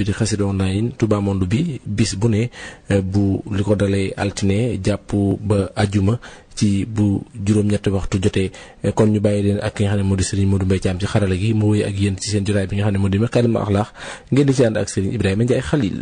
bi di xasida online Touba Monde bi bis bu ne eh, bu li ko dalee altine jàpp ba ajuma ci bu juróom-ñetti waxtu jotee eh, kon ñu bàyyi leen ak ki nga xam ne moo di Serigne Modou Mbaye Thiam ci xarala gi mu wéy ak yéen ci seen jotaay bi nga xam ne moo di Makaarimal Axlaaq ngeen di ci ànd ak Serigne Ibrahima Ndiaye Khalil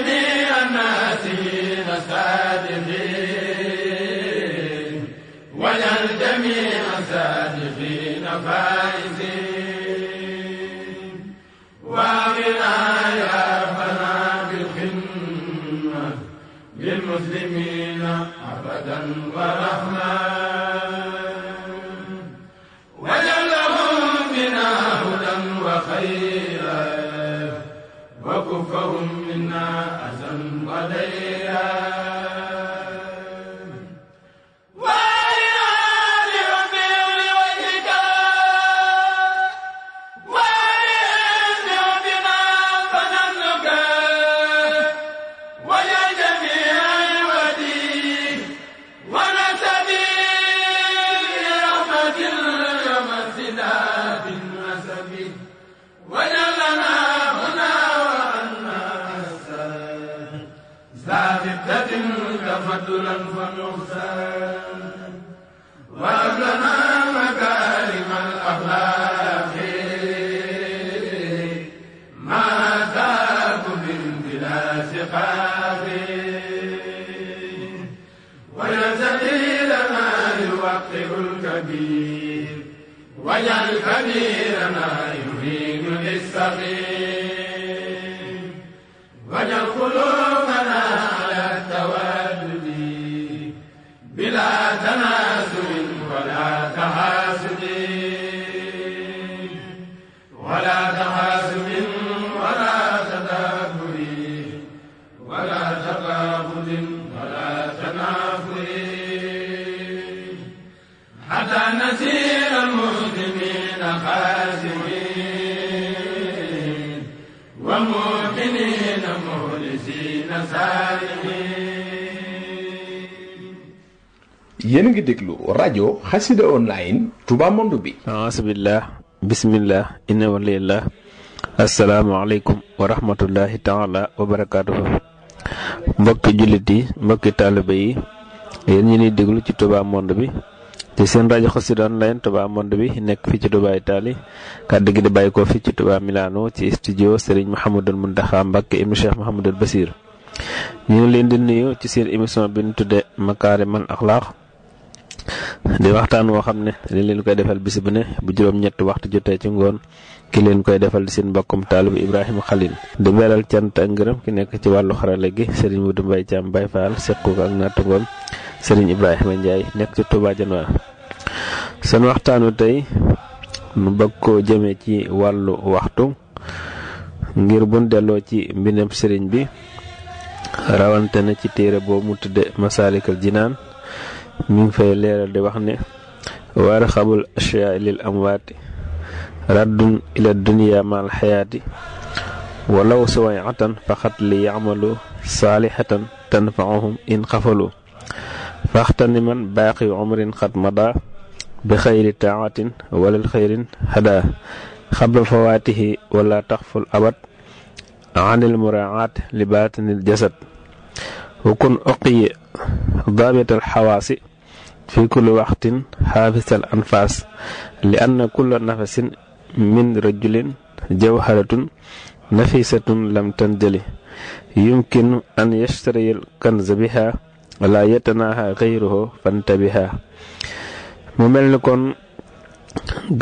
جميع الناسين صادقين واجعل جميع صادقين فائزين واغنا يا ربنا بالخدمة للمسلمين أبدا ورحمة rajo xasida online Touba Monde bi asabillah bismillah inna walillah asalaamaaleykum wa rahmatullahi taala wa barakaatuhu mbokki jullit yi mbokki taaliba yi yéen ñi ñuy déglu ci Touba Monde bi ci seen rajo xasida online tubaa Monde bi nekk fii ci Touba Italie kàddu gi di bàyyi ko fii ci Touba Milano ci studio Serigne Mouhamadul Mountakha Mbacké ibnu Cheikh Mouhamadul Basir ñu ngi leen di nuyu ci seen émission bi ñu tuddee Makaarimal Axlaaq di waxtaan woo xam ne dañ leen koy defal bis bu ne bu juróom-ñetti waxtu jotee ci ngoon ki leen koy defal di seen mbokkum taalib Ibrahima Xalil di beral cant ak ngërëm ki nekk ci wàllu xarale gi sëriñ Serigne du Mbaye Thiam bay Fall sequ ak naatu nattangoom Serigne Ibrahima Ndiaye nekk ci Touba Janwar seen waxtaanu tey mu bëgg koo jëmee ci wàllu waxtu ngir bun delloo ci mbindam sëriñ bi rawante na ci téere boobu mu tudde Masaalikul naan mi ngi fay leeral di wax ne waarxabul ashyaa lil amwaati raddun ila dunia maal xayaati walaw suwayatan faxat li yacmalu saalihatan tanfaahum in xafalu faxtani man baaqi umrin xat mada bi xayri taatin walal xayrin hada xabla fawaatihi wala taxful abad anil muraaat li baatinil jasad wa kun uqiyi daabital xawaasi fi kulli waxtin xaafisal anfaas li anna kulla nafasin min rajulin jawharatun nafisatun lam tanjali yumkinu an yashtariyal kanza biha wala yettanaaha xayruhu fantabiha mu mel ni kon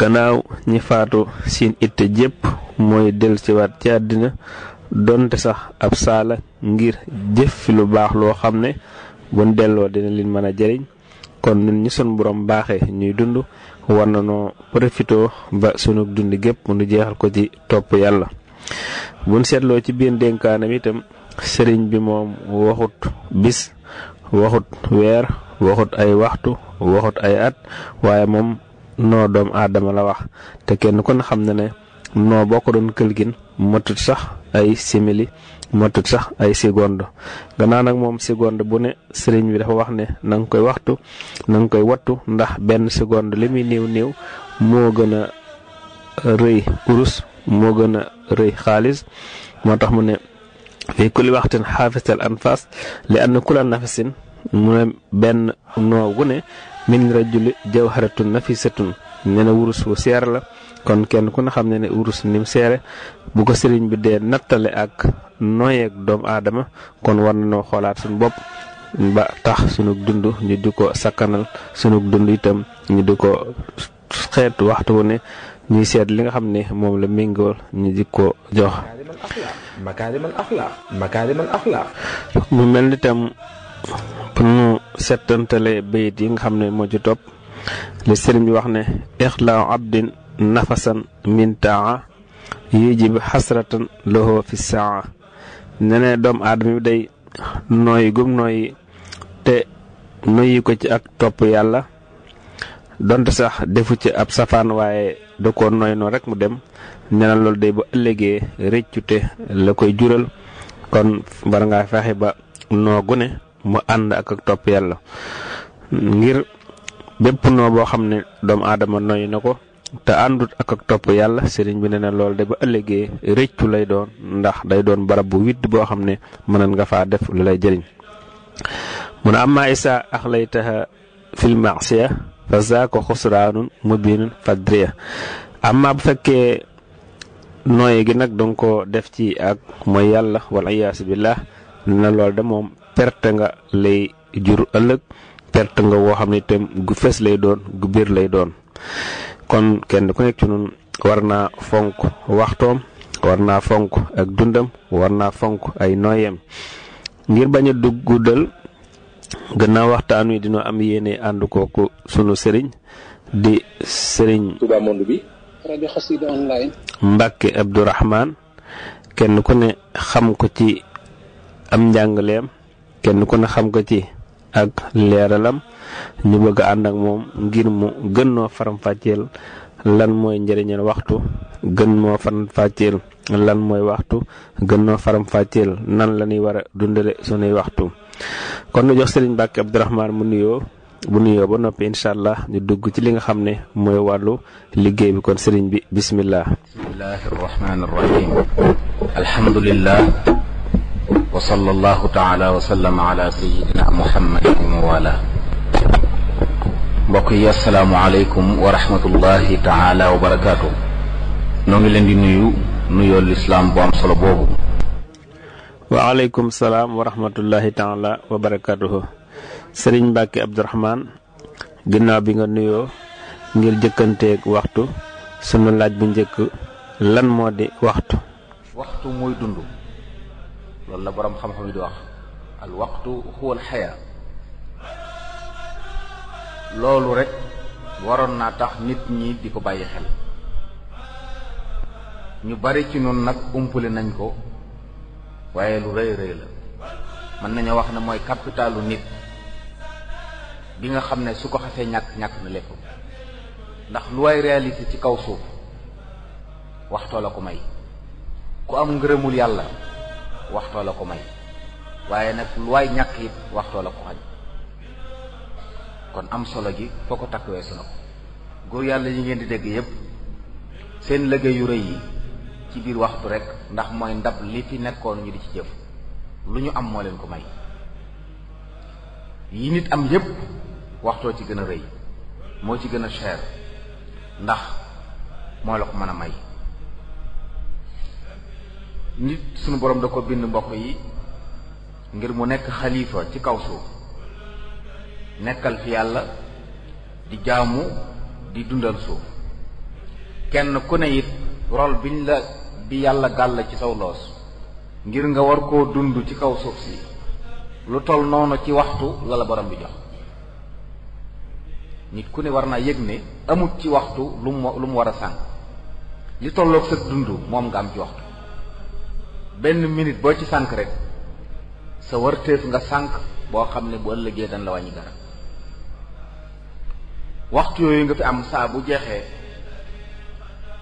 gannaaw ñi faatu siin it jépp mooy del ci waat ci àddina donte sax ab saala ngir jëf fi lu baax loo xam ne buñ delloo dina leen mën a jëriñ kon ñun ñi sun borom baaxee ñuy dund war nañoo profitoo ba sunu dund gépp nu jeexal ko ci topp yàlla buñ seetloo ci biir dénkaanam itam sëriñ bi moom waxut bis waxut weer waxut ay waxtu waxut ay at waaye moom noo doom aadama la wax te kenn kon xam na ne noo ko doon këlgin matut sax ay simili matut sax ay seconde gannaaw nag moom seconde bu ne sëriñ bi dafa wax ne na nga koy waxtu nanga koy wattu ndax benn seconde li muy néew néew moo gën a rëy urus moo gën a rëy xaalis moo tax mu ne fii kulli waxtin xaafisal anfas li ann kula nafasin mu ne benn noo gu ne min rajuli jawharatun nafisatun nee na wurus wu seer la kon kenn ku ne xam ne ne wurus ni mu seere bu ko sëriñ bi dee nattale ak noyeeg doomu aadama kon war noo xoolaat suñu bopp ba tax sunu dund ñu di ko sakkanal sunu dund itam ñu di ko xeet waxtu wu ne ñuy seet li nga xam ne moom la méngool ñu di ko jox. makaarimal axlaaq makaarimal mel ni tam pour yi nga xam ne moo ci topp. li sëriñ bi wax ne ixlaa abdin nafasan min yi yujib xasratan lahu fi saa ne ne doomu aadama bi day nooyi gum nooyi te noyyi ko ci ak topp yàlla donte sax defu ci ab safaan waaye da ko nooy noonu rek mu dem ñeneen loolu day bu ëllëgee rëccute la koy jural kon war ngaa fexe ba noo gune mu ànd ak ak topp yàlla ngir bépp noo boo xam ne doomu aadama noy na ko te àndut ak topp yàlla sëriñ bi ne na loolu de ba ëllëgee rëccu lay doon ndax day doon barab bu witt boo xam ne mënan nga faa def lu lay jëriñ mun a amma isa axlaytaha fil ma'siya fa zaaka xusraanun mubinun fadriya amma bu fekkee nooy gi nag danga ko def ci ak mooy yàlla wal iyaasu billah na loolu de moom perte nga lay jur ëllëg perte nga woo xam ne gu fees lay doon gu biir lay doon kon kenn ku nekk ci war naa fonk waxtoom war naa fonk ak dundam war naa fonk ay nooyeem ngir bañ a dugg guddal gannaaw waxtaan wi dina am yéene ànd ko sunu sëriñ di sëriñ. Touba Monde kenn ku ne xam ko ci am njàngaleem kenn ku ne xam ko ci. ak leeralam ñu bëgg ànd ak moom ngir mu gën faramfàcceel lan mooy njëriñal waxtu gën moo faram-fàcceel lan mooy waxtu gën noo faram-fàcceel nan la ñuy war a dundale sunuy waxtu kon nu jox Sëriñ Mbàkke Abdourahmane mu nuyoo bu nuyoo ba noppi incha allah ñu dugg ci li nga xam ne mooy wàllu liggéey bi kon sëriñ bi bismillah bismillahi rahmaani wa sallallahu taala wa sallam ala sayidina muhammadin wa wala mbokk yi asalaamu aleykum wa rahmatullahi taala wa barakaatu noo ngi leen di nuyu nuyoo lislaam bu am solo boobu wa aleykum salaam wa rahmatullahi taala wa barakaatuhu sëriñ mbàkke abdurahmaan ginnaaw bi nga nuyoo ngir jëkkanteeg waxtu sunu laaj bu njëkk lan moo di waxtu waxtu mooy dund loolu la boroom xam-xam yi di wax al waqtu huwa xayaa loolu rekk waroon naa tax nit ñi di ko bàyyi xel ñu bari ci noonu nag umpale nañ ko waaye lu rëy rëy la mën nañoo wax ne mooy capitalu nit bi nga xam ne su ko xasee ñàkk ñàkk na lépp ndax lu waay réalisé ci kaw suuf waxtoo la ko may ku am ngërëmul yàlla waxtoo la ko may waaye nag lu waay ñàkk it waxtoo la ko xañ kon am solo gi foo ko takk wee na góor yàlla yi ngeen di dégg yépp seen liggéey yu rëy yi ci biir waxtu rek ndax mooy ndab li fi nekkoon ñu di ci jëf lu ñu am moo leen ko may yi nit am yépp waxtoo ci gën a rëy moo ci gën a cher ndax moo la ko mën a may nit sunu borom da ko bind mbokk yi ngir mu nekk xalifa ci kaw suuf nekkal fi yàlla di jaamu di dundal suuf kenn ku ne it rol la bi yàlla gàll ci saw loos ngir nga war koo dund ci kaw suuf si lu toll noonu ci waxtu la la borom bi jox nit ku ne war naa yëg ne amut ci waxtu lu mu war a sànk li tolloog sa dund moom nga am ci waxtu benn minute boo ci sànq rek sa warteef nga sànq boo xam ne bu ëllëgee dañ la wàññi dara waxtu yooyu nga fi am saa bu jeexee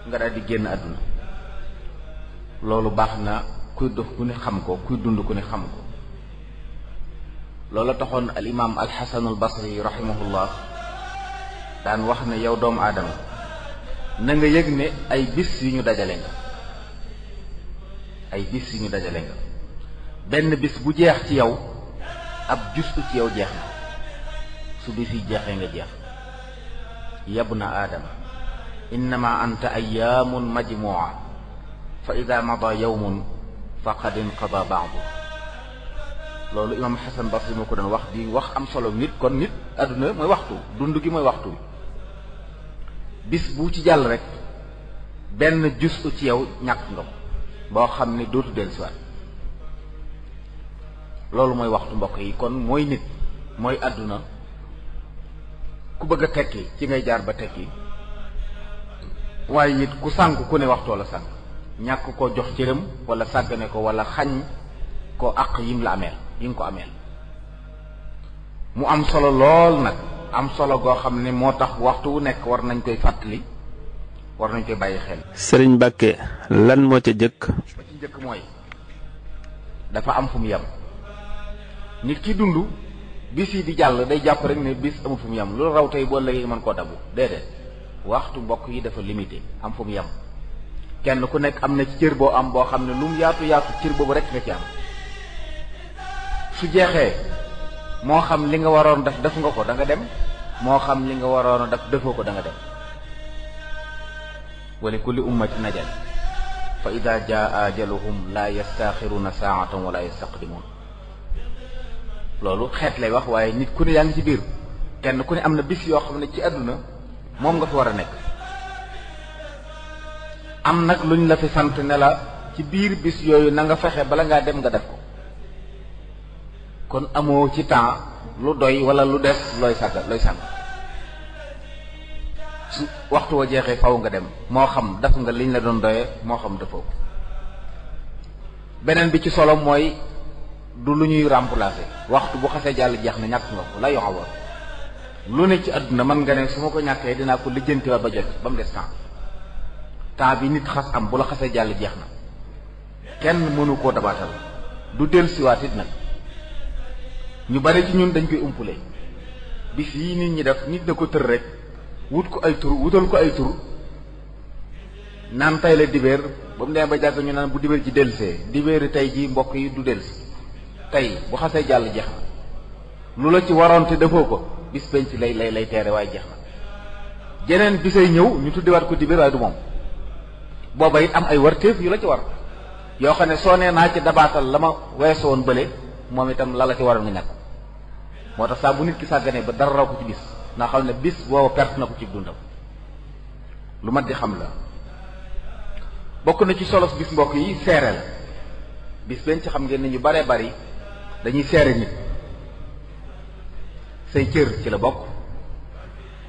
nga daal di génn àdduna loolu baax na kuy dox ku ne xam ko kuy dund ku ne xam ko loola taxoon al imaam al xasanul basri rahimahullah daan wax ne yow doomu aadama na nga yëg ne ay bis yu ñu dajale nga ay bis yu ñu dajale nga benn bis bu jeex ci yow ab justu ci yaw jeex na su bis yi jeexee nga jeex na aadama innama anta ayyaamun majmuuca fa ida mada yawmun faqad inqada baadu loolu imaam xasan basri moo ko doon wax di wax am solo nit kon nit àdduna mooy waxtu dund gi mooy waxtu bis bu ci jàll rek benn justu ci yow ñàkk nga ko boo xam ne dootu dellusiwaat loolu mooy waxtu mbokk yi kon mooy nit mooy àdduna ku bëgg a tekki ci ngay jaar ba tekki waaye it ku sànk ku ne waxtoo la sànk ñàkk koo jox cëram wala sàggane ko wala xañ ko àq yim la ameel yi ko ameel mu am solo lool nag am solo goo xam ne moo tax waxtu wu nekk war nañ koy fàttali war nañ koy bàyyi xel. Serigne Mbacke lan moo ca jëkk. njëkk mooy dafa am fu mu yam nit ki dund bis yi di jàll day jàpp rek ne bis amul fu mu yem loolu raw tey boo léegi mën koo dabu déedéet waxtu mbokk yi dafa limité am fu mu yem kenn ku nekk am na ci cër boo am boo xam ne lu mu yaatu yaatu cër boobu rek nga ci am su jeexee moo xam li nga waroon def def nga ko danga dem moo xam li nga waroon def defoo ko da dem. wa li kulli ummatin ajal fa ida jaa ajaluhum la yastaaxiruna saatan wala yastaqdimuun loolu xeet lay wax waaye nit ku ne yaa ngi ci biir kenn ku ne am na bis yoo xam ne ci àdduna moom nga fi war a nekk am nag luñ la fi sant ne la ci biir bis yooyu na nga fexe bala ngaa dem nga def ko kon amoo ci temps lu doy wala lu des looy sàgg looy sàgg su waxtu wa jeexee faw nga dem moo xam daf nga liñ la doon doyee moo xam dafoo beneen bi ci solo mooy du lu ñuy remplacer waxtu bu xasee jàll jeex na ñàkk nga ko la yoxa woon lu ne ci àdduna mën nga ne su ma ko ñàkkee dinaa ko lijjanti ba jot ba mu des temps temps bi nit xas am bu la xasee jàll jeex na kenn mënu koo dabaatal du dellusiwaat it nag ñu bari ci ñun dañ koy umpule bis yi nit ñi def nit da ko tër rek wut ko ay tur wutal ko ay tur naan tey la dibéer ba mu nee ba jàgg ñu naan bu dibéer ci dellusee dibéeri tey ji mbokk yi du dellusi tey bu xasee jàll jeex na lu la ci waroon te defoo ko bis penc lay lay lay teere waaye jeex na jeneen bi bisay ñëw ñu tuddiwaat ko dibéer waaye du moom booba it am ay warteef yu la ci war yoo xam ne soo nee naa ci dabaatal la ma weesoon bële moom itam lal la ci waroon nga ñàkk moo tax saa bu nit ki sàgganee ba dara raw ko ndax xam ne bis booba perte na ko ci dundam lu mat di xam la bokk na ci solos bis mbokk yi seere la bis benn ci xam ngeen ne ñu baree bari dañuy seere nit say cër ci la bokk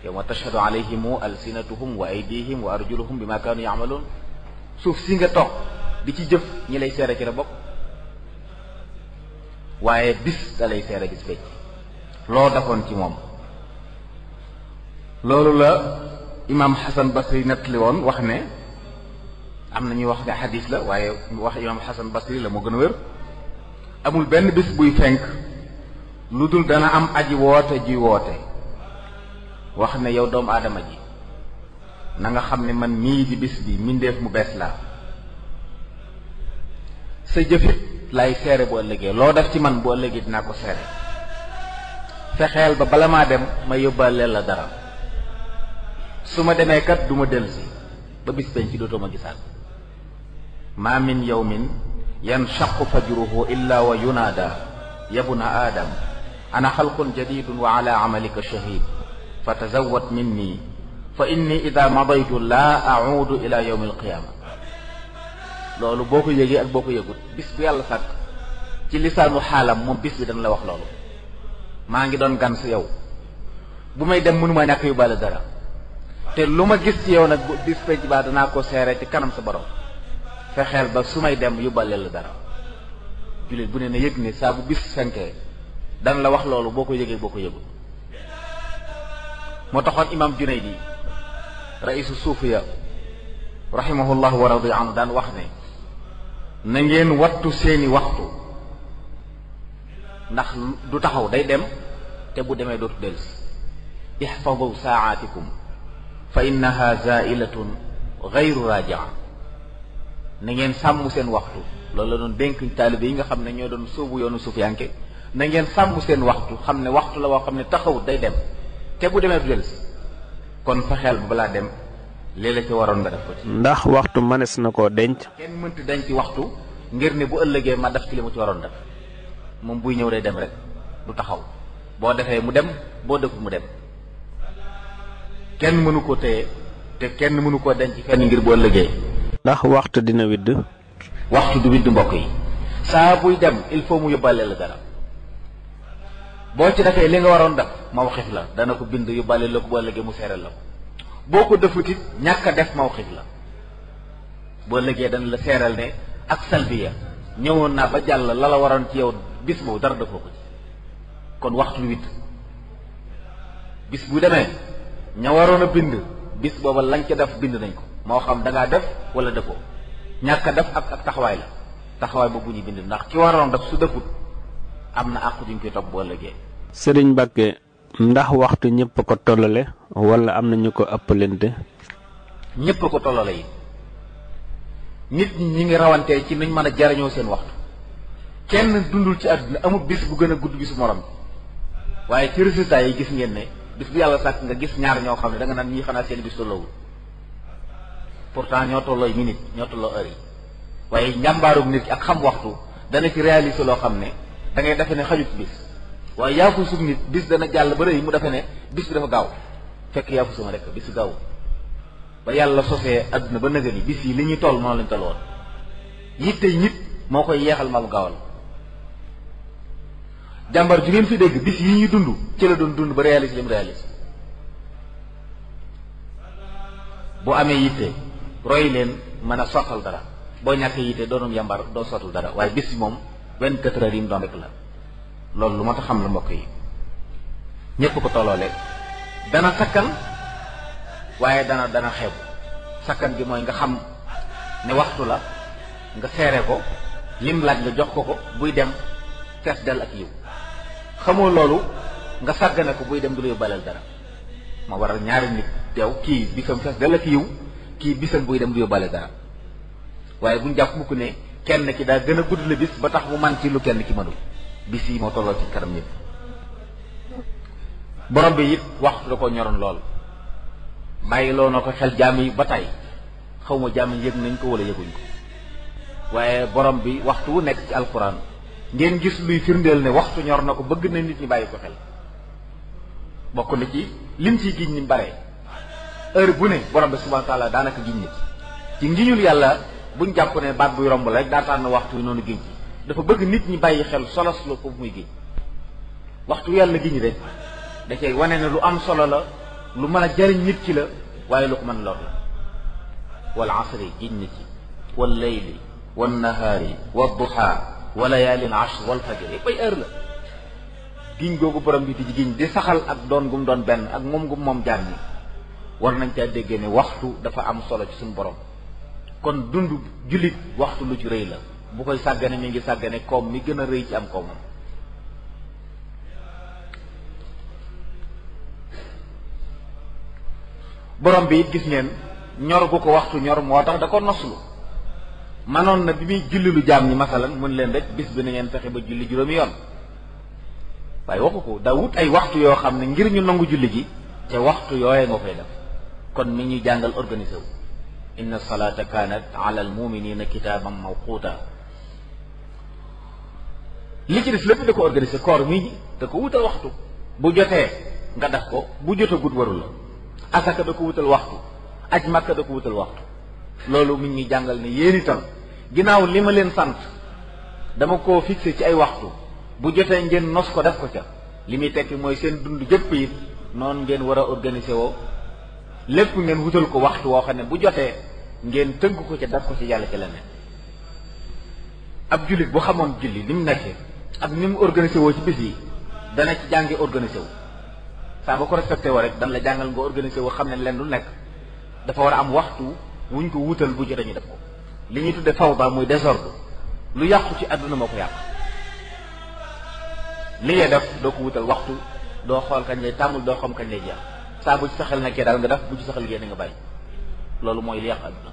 yawma tashhadu alayhimu alsinatuhum wa aydihim wa arjuluhum bima kaanu yaamaloon suuf si nga toog di ci jëf ñi lay seere ci la bokk waaye bis da lay seere bis bécc loo defoon ci moom loolu la imaam Xasan Basri nettali woon wax ne am na ñuy wax ne xadis la waaye wax imaam Xasan Basri la moo gën a wér amul benn bis buy fenk lu dul dana am aji woote ji woote wax ne yow doomu aadama ji na nga xam ne man mii di bis bi mindeef mu bees la sa jëfit lay seere bu ëllëgee loo def ci man bu ëllëgee dinaa ko seere fexeel ba bala maa dem ma yóbbaale la dara su ma demee kat du ma dellusi ba bis penc ci dootoo ma gisaat maa min yawmin yanshaqu fajruhu illa wa yunaada yabna aadam ana xalqun jadidun wa ala amalika shahid fa tazawwad minni fa inni ida madaytu laa audu ila yawmi alqiyaama loolu boo ko yëgee ak boo ko yëgut bis bu yàlla sàkk ci lisaanu xaalam moom bis bi dañ la wax loolu maa ngi doon gan si yow bu may dem mënu ma ñàkk yóbbaale dara te lu ma gis ci yow nag bis penc baa danaa ko seere ci kanam sa borom fexeel ba su may dem yóbbaleel la dara jullit bu ne na yëg ne saa bu bis fenkee dana la wax loolu boo ko yëgee boo ko yëgul moo taxoon imaam Junaydi raisu suufiya rahimahullahu wa radiya anhu daan wax ne na ngeen wattu seeni waxtu ndax du taxaw day dem te bu demee dootu dellusi ihfadu saa'aatikum fa innaha zailatun gayru rajaa na ngeen sàmm seen waxtu loolu la doon dénk taalibe yi nga xam ne ñoo doon sóobu yoonu suufiyanke na ngeen sàmm seen waxtu xam ne waxtu la woo xam ne taxawut day dem te bu demee du dellusi kon sa xel bu balaa dem léeg la ci waroon nga def ko ci. ndax waxtu mënees na koo denc. kenn mënti denc waxtu ngir ne bu ëllëgee ma def ci mu ci waroon def moom buy ñëw day dem rek du taxaw boo defee mu dem boo defut mu dem. kenn mënu ko téye te kenn mënu koo denc fenn ngir boo liggéey. ndax waxtu dina widd. waxtu du widd mbokk yi saa buy dem il faut mu yóbbaale la dara boo ci defee li nga waroon def mawxif la dana ko bind yóbbaale la ko boo liggéey mu seeral la ko boo ko defutit ñàkk a def mawxif la boo liggéey dana la seeral ne ak salbiya ñëwoon naa ba jàll la la waroon ci yow bis boobu dara defoo ko ci kon waxtu widd bis bu demee. ña waroon a bind bis booba lañ ca def bind nañ ko moo xam dangaa def wala dëppoo ñàkk def ak taxawaay la taxawaay boobu ñuy bind ndax ki waroon def su defut am na àq duñ koy topp boo ëllëgee. Sëriñ Mbàkke ndax waxtu ñëpp ko tollale wala am na ñu ko ëppalante. ñëpp ko tollale yi nit ñi ñi ngi rawantee ci nuñ mën a jariñoo seen waxtu kenn dundul ci àdduna amul bis bu gën a gudd bisu morom waaye ci yi gis ngeen ne. bis bu yàlla sàkk nga gis ñaar ñoo xam ne da nga naan ñii xanaa seen bis tolloowul pourtant ñoo tollooy minute ñoo tolloo heure yi waaye njàmbaarug nit ki ak xam waxtu dana ci réaliser loo xam ne da ngay defe ne xajut bis waaye yaa fu sum nit bis dana jàll ba rëy mu defe ne bis bi dafa gaaw fekk yaa fu suma rek bis bi gaaw ba yàlla sosee àdduna ba nëgëni bis yi li ñuy toll noonu lañ tolloon yitte nit moo koy yeexal maa mu gaawal jàmbar ju ngeen fi dégg bis yi ñuy dund ci la doon dund ba réalise li mu réalise amee yitte roy leen mën a sottal dara boo ñàkkee yitte doonum yàmbar doo sottal dara waaye bis moom vingt-quatre heures yi mu doon rek la loolu lu ma ta xam la mbokk yi ñépp ko tolloole dana sakkan waaye dana dana xeebu sakkan bi mooy nga xam ne waxtu la nga seere ko lim laaj nga jox ko ko buy dem fees dell ak yiw xamoo loolu nga sàggane ko buy dem du la yóbbaaleel dara ma waral ñaari nit teew kii bisam fees dala ki kii bisam buy dem du yóbbaale dara waaye buñ jàpp mukk ne kenn ki daa gën a gudd la bis ba tax mu man ci lu kenn ki mënul bis yi moo tolloo ci kanam yëpp borom bi it wax la ko ñoroon lool bàyyi loo na ko xel jaam yi ba tey xaw ma jaam yëg nañ ko wala yëguñ ko waaye borom bi waxtu wu nekk ci alxuraan ngeen gis luy firndeel ne waxtu ñor na ko bëgg na nit ñi bàyyi ko xel bokk na ci lim ciy giñ ni bare heure bu ne borom bi subhanahu wa taala daanaka giñ nit ci ngiñul yàlla buñ jàpp ne baat buy romb la rek daa tànn waxtu noonu giñ ci dafa bëgg nit ñi bàyyi xel solos la foofu muy giñ waxtu yàlla giñ rek da wane na lu am solo la lu mën a jariñ nit ki la waaye loo ko mën lor la wal asri giñ nit ci wal layli nahaari wad duhaa wala yaalin ashr wal fajr yëpp ay heure la giñ googu borom bi di giñ di saxal ak doon gum doon benn ak moom gum moom jaam ñi war nañ caa déggee ni waxtu dafa am solo ci suñu borom kon dund jullit waxtu lu ci rëy la bu koy sàggane ñu ngi sàggane koom mi gën a rëy ci am koomam borom bi it gis ngeen ñor gu ko waxtu ñor moo tax da ko noslu manoon na bi muy julli lu jaam ñi masalan mën leen rek bis bi na ngeen fexe ba julli juróomi yoon waaye waxu ko dawut ay waxtu yoo xam ne ngir ñu nangu julli gi te waxtu yooye nga koy def kon mi ñuy jàngal organisé wu inna salaata kaanat ala al muminina kitaaban mawquuta li ci des lépp da ko organisé koor mii da ko wutal waxtu bu jotee nga def ko bu jotagut warul la asaka da ko wutal waxtu aj makka da ko wutal waxtu loolu mi ngi jàngal ne yéen ginnaaw li ma leen sant dama ko fixé ci ay waxtu bu jotee ngeen nos ko def ko ca li muy tekki mooy seen dund jëpp yi noonu ngeen war a organiser woo lépp ngeen wutal ko waxtu woo xam ne bu jotee ngeen tënk ko ca def ko ci yàlla ci leneen ab jullit bu xamoon julli ni mu nekkee ak ni mu organisé woo ci bis yi dana ci jàngi organisé wu saa ba ko respecté woo rek dan la jàngal nga organisé woo xam ne leen lu nekk dafa war a am waxtu wuñ ko wutal bu jotee ñu def ko li ñuy tudde fawda muy désordre lu yàqu ci àdduna moo ko yàq li ngay def doo ko wutal waxtu doo xool kañ lay tàmmul doo xam kañ lay jeex saa bu ci saxal nekkee daal nga def bu ci saxal génn nga bàyyi loolu mooy li yàq àdduna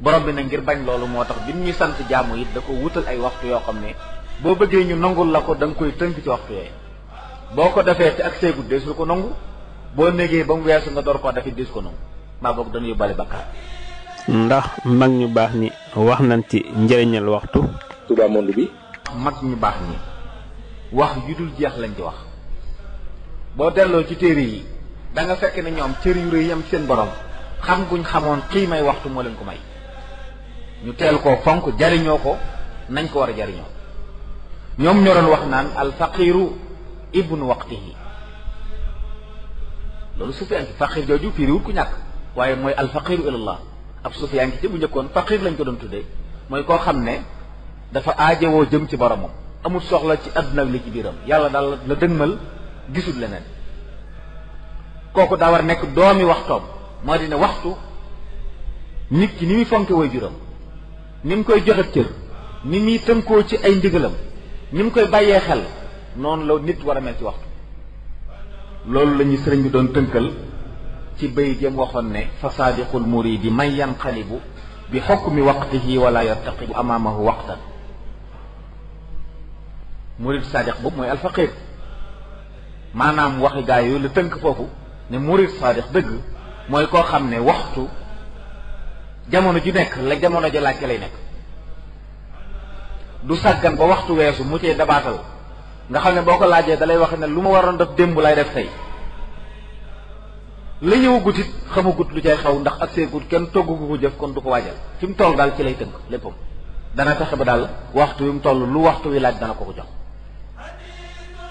borom bi nag ngir bañ loolu moo tax bi ñuy sant jaamu it da ko wutal ay waxtu yoo xam ne boo bëggee ñu nangul la ko danga koy tënk ci waxtu yooyu boo ko defee te ak seegud deesul ko nangu boo négee ba mu weesu nga door koo dafit deesu ko nangu maa boog dañuy bale bakkaar ndax mag ñu baax ni wax nañ ci njëriñal waxtu. Touba monde bi. mag ñu baax ñi wax yu dul jeex lañ ci wax boo delloo ci téere yi danga nga fekk ne ñoom cër yu rëy yam seen borom xam kuñ xamoon xii may waxtu moo leen ko may ñu teel ko fonk jariñoo ko nañ ko war a jariñoo ñoom ñoo doon wax naan al faqiru ibnu waqtihi loolu su fekk faqir jooju firiwut ku ñàkk waaye mooy al faqiru ilallah ab sufiyaan ki ci bu njëkkoon faqiir lañ ko doon tuddee mooy koo xam ne dafa aajowoo jëm ci boromam amul soxla ci àdduna li ci biiram yàlla daal la dëgmal gisul leneen kooku daa war nekk doomi waxtoom moo di ne waxtu nit ki ni muy fonke way juram ni mu koy joxe cër ni muy tënkoo ci ay ndigalam ni mu koy bàyyee xel noonu la nit war a mel ci waxtu loolu la sëriñ bi doon tënkal ci bay jëm waxoon ne fa saadiqul muridi man yanqalibu bi xukmi waqtihi wala yartaqibu amaamahu waqtan murid saadiq boobu mooy alfaqir maanaam waxi gaa yooyu la tënk foofu ne murid saadiq dëgg mooy koo xam ne waxtu jamono ju nekk la jamono ja laaj lay nekk du sàggan ba waxtu weesu mu cee dabaatal nga xam ne boo ko laajee dalay wax ne lu ma waroon def démb lay def tey la ñëwagut it xamagut lu cay xaw ndax ak seegut kenn toggugu ko jëf kon du ko waajal fi mu toll daal ci lay tënk léppam dana fexe ba daal waxtu wi mu toll lu waxtu wi laaj dana ko ko jox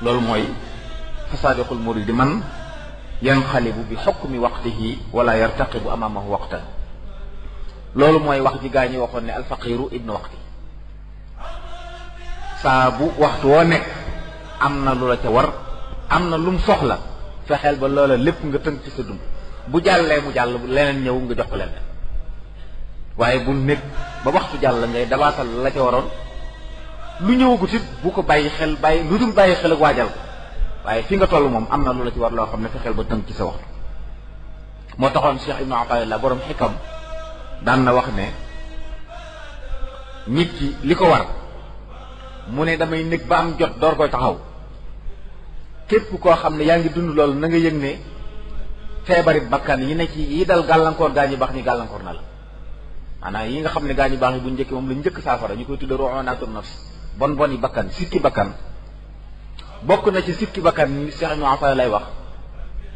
loolu mooy fasaadixul muridi man yanqalibu bi xukmi waqtihi wala yartaqibu amaamahu waqtan loolu mooy wax ji gaa ñi waxoon ne alfaqiru ibnu waqti saa bu waxtu woo nekk am na lu la ca war am na lu lum soxla fexeel ba loola lépp nga tënk ci sa dund bu jàllee mu jàll leneen ñëw nga jox ko leneen waaye bu nekk ba waxtu jàll ngay dabaatal la ca waroon lu ñëwagut it bu ko bàyyi xel bàyyi lu dul bàyyi xel ak waajal ko waaye fi nga toll moom am na lu la ci war loo xam ne fexeel ba tënk ci sa waxtu moo taxoon Cheikh Ibnu la borom xikam daan na wax ne nit ki li ko war mu ne damay nekk ba am jot door koy taxaw képp koo xam ne yaa ngi dund loolu na nga yëg ne feebari bakkan yi ne ci yi dal gàllankoor gaa ñu baax ñi gàllankoor na la maanaam yi nga xam ne gaa ñu baax ñi bu njëkk moom la njëkk saafara ñu koy tudde ru'unaatun nafs bon bon yi bakkan sikki bakkan bokk na ci sikki bakkan Cheikh Ibnu Afaa lay wax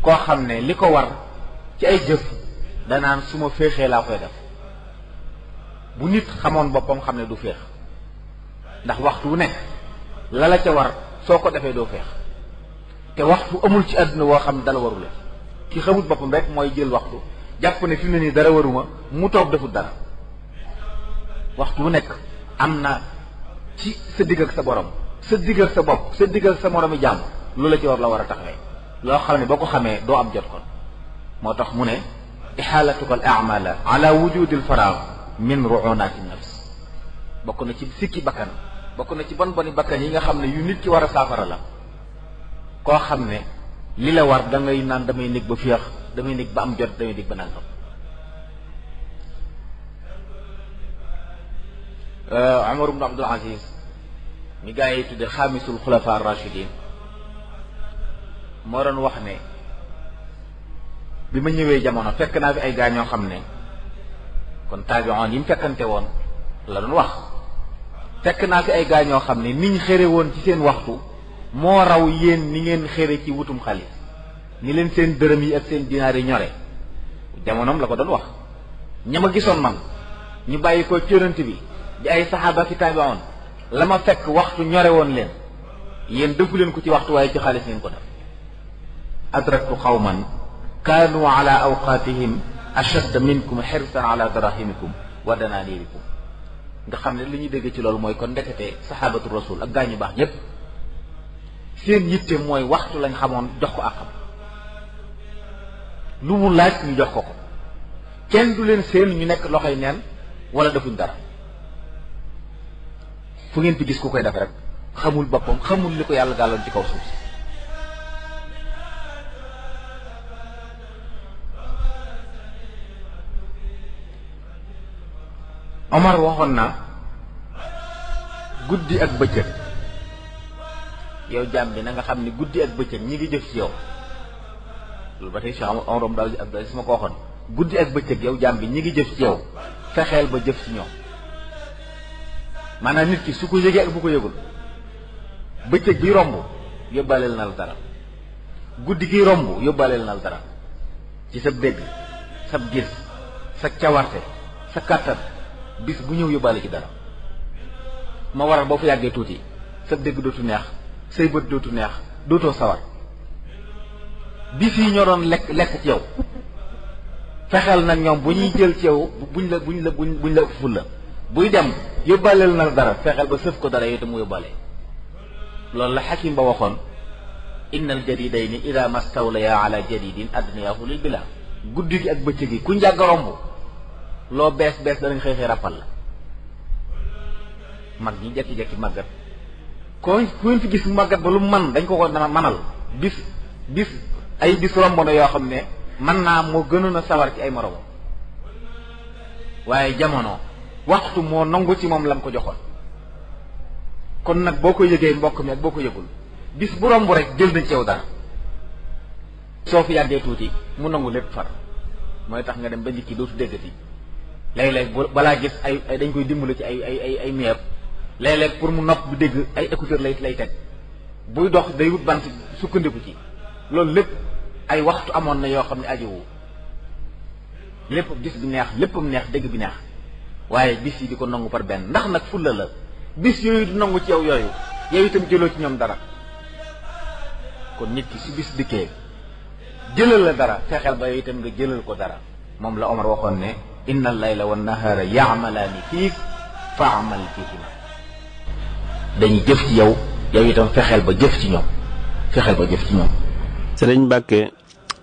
koo xam ne li ko war ci ay jëf danaan su ma féexee laa koy def bu nit xamoon boppam xam ne du féex ndax waxtu wu nekk la ca war soo ko defee doo féex te waxtu amul ci àddina woo xam dara waru la ki xamut boppam rek mooy jël waxtu jàpp ne fi nii dara waruma mu toog defut dara waxtu wu nekk am na ci sa digg ak sa borom sa digg ak sa bopp sa digg ak sa moromi jàmm loola ci war la war a taxawee loo xam ne boo ko xamee doo am jot kon moo tax mu ne ixaalatuka al amala ala wujudi al faraag min ruunaati nafs bokk na ci sikki bakkan bokk na ci bon boni bakkan yi nga xam ne yu nit ki war a saafara la koo xam ne li la war da ngay naan damay nekk ba féex damay nekk ba am jot damay nekk ba nangam Umar euh, ibn Abdul Aziz mi gaa yi tudde xaamisul xulafa rachidin moo doon wax ne bi ma ñëwee jamono fekk naa fi ay gaa ñoo xam ne kon taabion yi mu fekkante woon la doon wax fekk naa fi ay gaa ñoo xam ne niñ xëre woon ci seen waxtu moo raw yéen ni ngeen xére ci wutum xaalis ni leen seen dërëm yi ak seen dinaar yi ñore jamonoom la ko doon wax ña ma gisoon man ñu bàyyi ko cërant bi di ay saxaaba ki taabiwoon la ma fekk waxtu ñore woon leen yéen dëggu leen ko ci waxtu waaye ci xaalis ngeen ko def adraktu qawman kaanu ala awqaatihim ashadd minkum xirsan ala darahimikum wa danaanirikum nga xam ne li ñuy dégg ci loolu mooy kon ndekete saxaabatu rasul ak gaa ñu baax ñëpp seen yitte mooy waxtu lañ xamoon jox ko àqam lu mu laaj ñu jox ko ko kenn du leen seen ñu nekk loxoy neen wala defuñ dara fu ngeen fi gis ku koy def rek xamul boppam xamul li ko yàlla gàlloon ci kaw suuf si Omar waxoon na guddi ak bëccëg yow jaam bi na nga xam ne guddi ak bëccëg ñi ngi jëf ci yow loolu ba tey Cheikh Omar Ibn Abdul guddi ak bëccëg yow jaam bi ñi ngi jëf ci yow fexeel ba jëf ci ñoom maanaam nit ki su ko yëgee ak bu ko yëgul bëccëg bi romb yóbbaaleel na la dara guddi gi romb yóbbaaleel na la dara ci sa dégg sa gis sa cawarte sa kàttan bis bu ñëw yóbbaale ci dara ma waral boo fa yàggee tuuti sa dégg dootu neex say bët dootu neex dootoo sawar bis yi ñoo doon lekk lekk ci yow fexeel nag ñoom bu ñuy jël ci yow buñ la buñ la buñ la fulla buy dem yóbbaaleel na dara fexeel ba sëf ko dara yow te mu yóbbaale loolu la xakim ba waxoon inna al jadidayni ida mastawlaya ala jadidin adniyahu lil bila guddi gi ak bëccëg gi ku njàgg romb loo bees bees danañ xëy xëy rappal la mag ñi jekki-jekki màggat ko ku fi gis màggat ba lu man dañ ko ko manal bis bis ay bis romb na yoo xam ne man naa moo gënoon a sawar ci ay moromam waaye jamono waxtu moo nangu ci moom lam ko joxoon kon nag boo ko yëgee mbokk mi ak boo ko yëgul bis bu romb rek jël nañ ci yow dara soo fi yàggee tuuti mu nangu lépp far mooy tax nga dem ba njikki dootu déggati lay lay balaa gis ay dañ koy dimbali ci ay ay ay ay miyeeb léeg pour mu nopp bu dégg ay écouteur lay lay teg buy dox day wut bant sukkandiku ci loolu lépp ay waxtu amoon na yoo xam ne ajowu lépp gis bi neex lépp léppam neex dégg bi neex waaye bis yi di ko nangu par benn ndax nag fulla la bis yooyu du nangu ci yow yooyu yow itam jëloo ci ñoom dara kon nit ki si bis dikkee jëlal la dara fexeel ba yow itam nga jëlal ko dara moom la Omar waxoon ne inna al layla wa nahaara yaamalaani fiik fa amal na dañuy jëf ci yow yow itam fexeel ba jëf ci ñoom fexeel ba jëf ci ñoom. sëriñ Mbàkke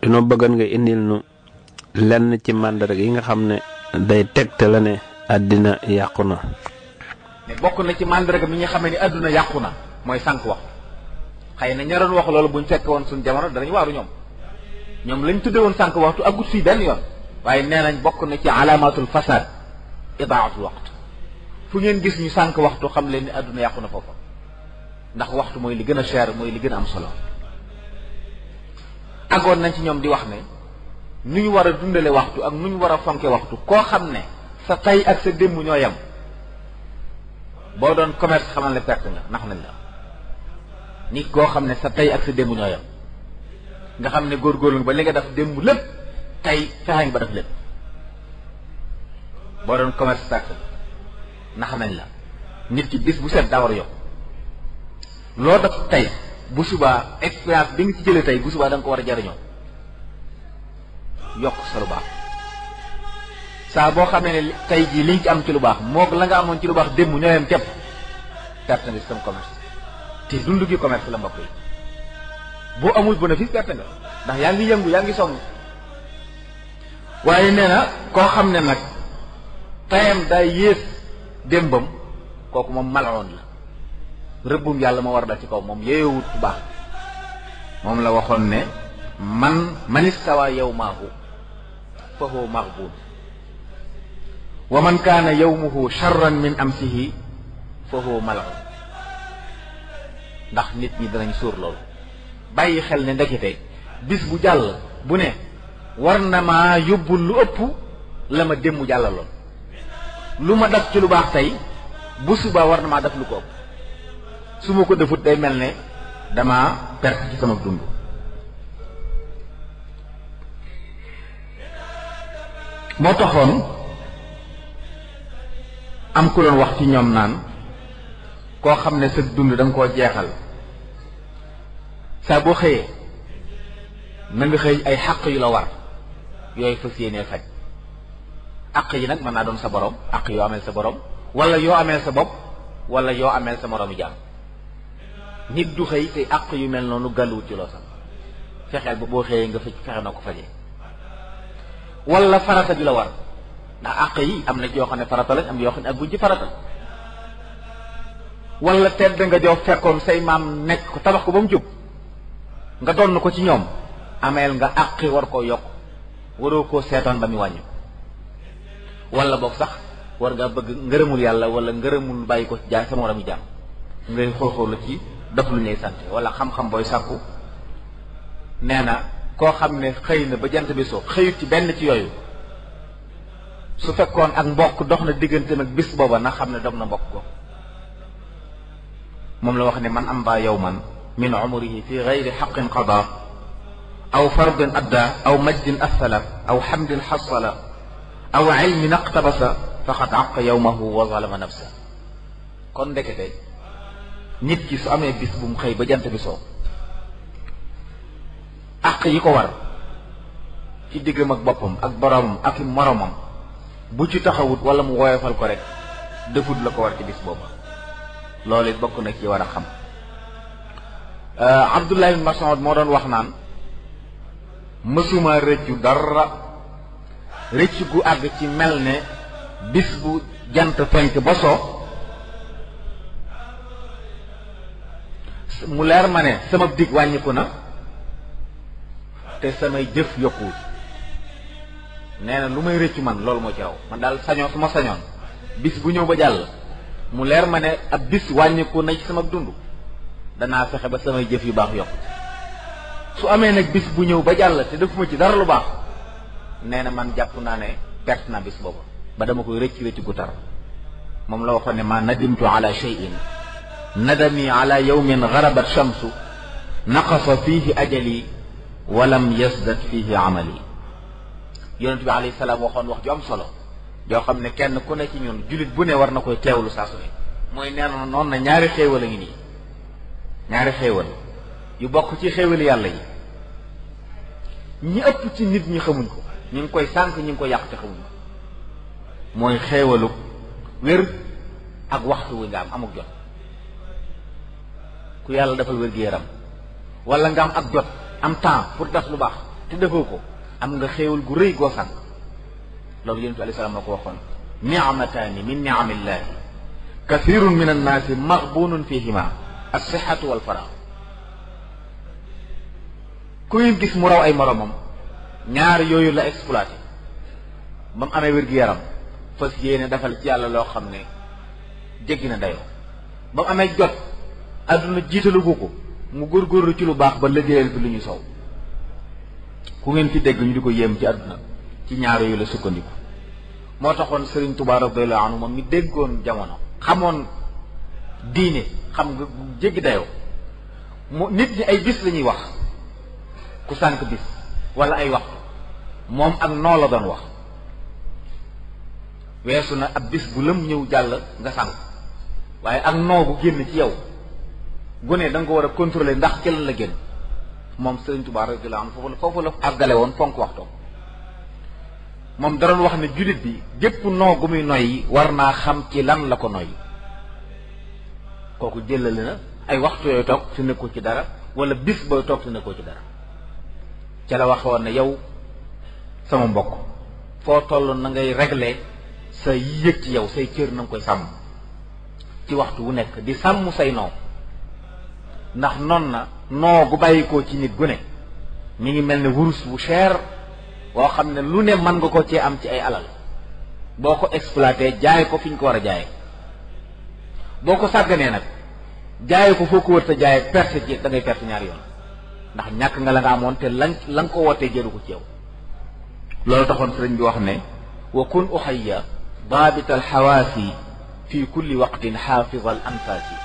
dañoo bëggoon nga indil nu lenn ci màndarga yi nga xam ne day tegte la ne àddina yàqu na. mais bokk na ci màndarga mi nga xam ne àdduna yàqu na mooy sànq wax xëy na ña wax loolu buñ fekkee woon suñu jamono danañ waaru ñoom ñoom lañ tudde woon sànq waxtu agut fii benn yoon waaye nee nañ bokk na ci alaamatul fasaad idaatul waqt fu ngeen gis ñu sànq waxtu xam leen ni àdduna yàqu na foofa ndax waxtu mooy li gën a cher mooy li gën a am solo agoon nañ ci ñoom di wax ne nu ñu war a dundale waxtu ak nu ñu war a fonke waxtu koo xam ne sa tay ak sa démb ñoo yam boo doon commerce xamal ne perte nga nax nañ la nit koo xam ne sa tay ak sa démb ñoo yam nga xam ne góor góorgóorlu ba li nga def démb lépp tay fexe nga ba def lépp boo doon commerce perte nax nañ la nit ci bis bu set daa war a yokk loo def tey bu subaa expérience bi nga ci jëlee tey bu subaa da ko war a jariñoo yokk sa lu baax saa boo xamee ne tey jii liñ ci am ci lu baax moog la nga amoon ci lu baax démb ñoo yem képp perte nga ci sama te dund gi commerce la mbokk boo amul bénéfice perte nga ndax yaa ngi yëngu yaa ngi sonn waaye nee na koo xam ne nag tayam day yées démbam kooku moom maloon la rëbbum yàlla ma war dal ci kaw moom yeewut wut baax moom la waxoon ne man manis sawa yow maahu fahu maxbuun wa man kaana yawmuhu charran min amsihi fahu maloon ndax nit ñi danañ suur loolu bàyyi xel ne ndekete bis bu jàll bu ne war na maa yóbbul lu ëpp la ma démb jàllaloon lu ma def ci lu baax tey bu subaa war na maa def lu ko ëpp su ma ko defut day mel ne dama perte ci sama dund. moo taxoon am ku doon wax ci ñoom naan koo xam ne sa dund da nga koo jeexal saa boo xëyee na nga xëy ay xàq yu la war yooyu fas yéenee faj. àq yi nag mën naa doon sa borom àq yoo ameel sa borom wala yoo ameel sa bopp wala yoo ameel sa moroomi jaam nit du xëy te àq yu mel noonu gàlluwut ci loo sax fexeel ba boo xëyee nga fexe na ko fajee wala farata ju la war ndax àq yi am na yoo xam ne farata lañ am yoo xam ne ak guñ ci farata wala tedd nga joo fekkoon say maam nekk ko tabax ko ba mu jub nga donn ko ci ñoom ameel nga àq war koo yokk waroo koo seetaan ba mu wàññi wala boog sax war ngaa bëgg ngërëmul yàlla wala ngërëmul bàyyi ko jaay sama waramu jaam ngay xóoxóor la ci dof lu ñuy sant wala xam-xam booy sàkku nee na koo xam ne xëy na ba jant bi soo xëyut ci benn ci yooyu su fekkoon ak mbokk dox na diggante nag bis booba na xam ne dog na mbokk ko moom la wax ne man am baa yow man min umrihi fi gayri xaqin qadaa aw fardin adda aw majdin assala aw xamdin xassala aw ilmin aqtabasa faqad àq yawmahu wa a nafsa kon ndekete nit ki su amee bis bu mu xëy ba jant bi soo àq yi ko war ci diggam ak boppam ak boroomam ak moromam bu ci taxawut wala mu woyofal ko rek defut la ko war ci bis boobu loolu bokk na ci war a xam euh, Abdullah ibn moo doon wax naan mësuma rëccu dara rëcc gu àgg ci mel ne bis bu jant fenk ba so mu leer ma ne sama dig wàññiku na te samay jëf yokkuwu nee na lu may rëccu man loolu moo ci raw man daal sañoon su ma sañoon bis bu ñëw ba jàll mu leer ma ne ab bis wàññiku na ci sama dund danaa fexe ba samay jëf yu baax yokku su amee nag bis bu ñëw ba jàll te defuma ci dara lu baax nee na man jàpp naa ne perte na bis boobu ba dama koy rëcc rëcc gu moom la waxoon ne ma nadimtu ala cheyin nadami ala yawmin garabat shamsu naqasa fiihi ajali walam yasdat fiihi amali yonent bi alayhi salaam waxoon wax joom solo yoo xam ne kenn ku ne ci ñun jullit bu ne war na koy teewlu saa su ne mooy nee na noonu na ñaari xéewal a ngi nii ñaari xéewal yu bokk ci xéewal yàlla yi ñi ëpp ci nit ñi xamuñ ko ñu ngi koy sànq ñu ngi koy yàq te xamuñu mooy xeewalu wér ak waxtu wi nga am amuk jot ku yàlla dafa wér gi yaram wala nga am ak jot am temps pour def lu baax te defoo ko am nga xéewal gu rëy goo sànq loolu yonent bi alayhi salaam moo ko waxoon niamataani min niamillaahi kathirun min annaasi maxbunun fihima alsixatu walfaraax ku ngeen gis mu raw ay moromam ñaar yooyu la exploité ba mu amee wér-gu-yaram fas yéene defal ci yàlla loo xam ne jéggi na dayoo ba mu amee jot àdduna jiitalugu ko mu góor góorlu ci lu baax ba liggéeyal bi lu ñuy soow ku ngeen fi dégg ñu di ko yéem ci àdduna ci ñaar yooyu la sukkandiku moo taxoon Serigne Touba radiyallahu anhu moom mi déggoon jamono xamoon diine xam nga jéggi dayoo mu nit ñi ay bis lañuy wax ku sànq bis wala ay waxtu moom ak noo la doon wax weesu na ab bis bu lëm ñëw jàll nga sànq waaye ak noo bu génn ci yow gone danga ko war a contrôler ndax ci lan la génn moom Sëriñ Tuubaa radiyallaahu anhu foofu la foofu la àggale woon fonk waxtoom moom da doon wax ne jullit bi gépp noo gu muy noyyi war naa xam ci lan la ko noyyi kooku jëlale na ay waxtu yooyu toog ci nekkoo ci dara wala bis booy toog te nekkoo ci dara ca la waxoon ne yow sama mbokk foo toll na ngay régler sa yëg ci yow say cër na koy sàmm ci waxtu wu nekk di sàmm say noo ndax noon na noo gu bàyyikoo ci nit gu ne mi ngi mel ne wurus bu cher woo xam ne lu ne mën nga ko cee am ci ay alal boo ko exploité jaay ko fi ñu ko war a jaay boo ko sàgganee nag jaay ko foo ko wër te jaay perte ci da ngay perte ñaari yoon ndax ñàkk nga la nga amoon te lan la nga ko wotee jëru ko ci yow lool taxoon sëriñ bi wax ne wa kun uxayya daabita alxawaasi fi kulli waqtin xaafiza al anfaasi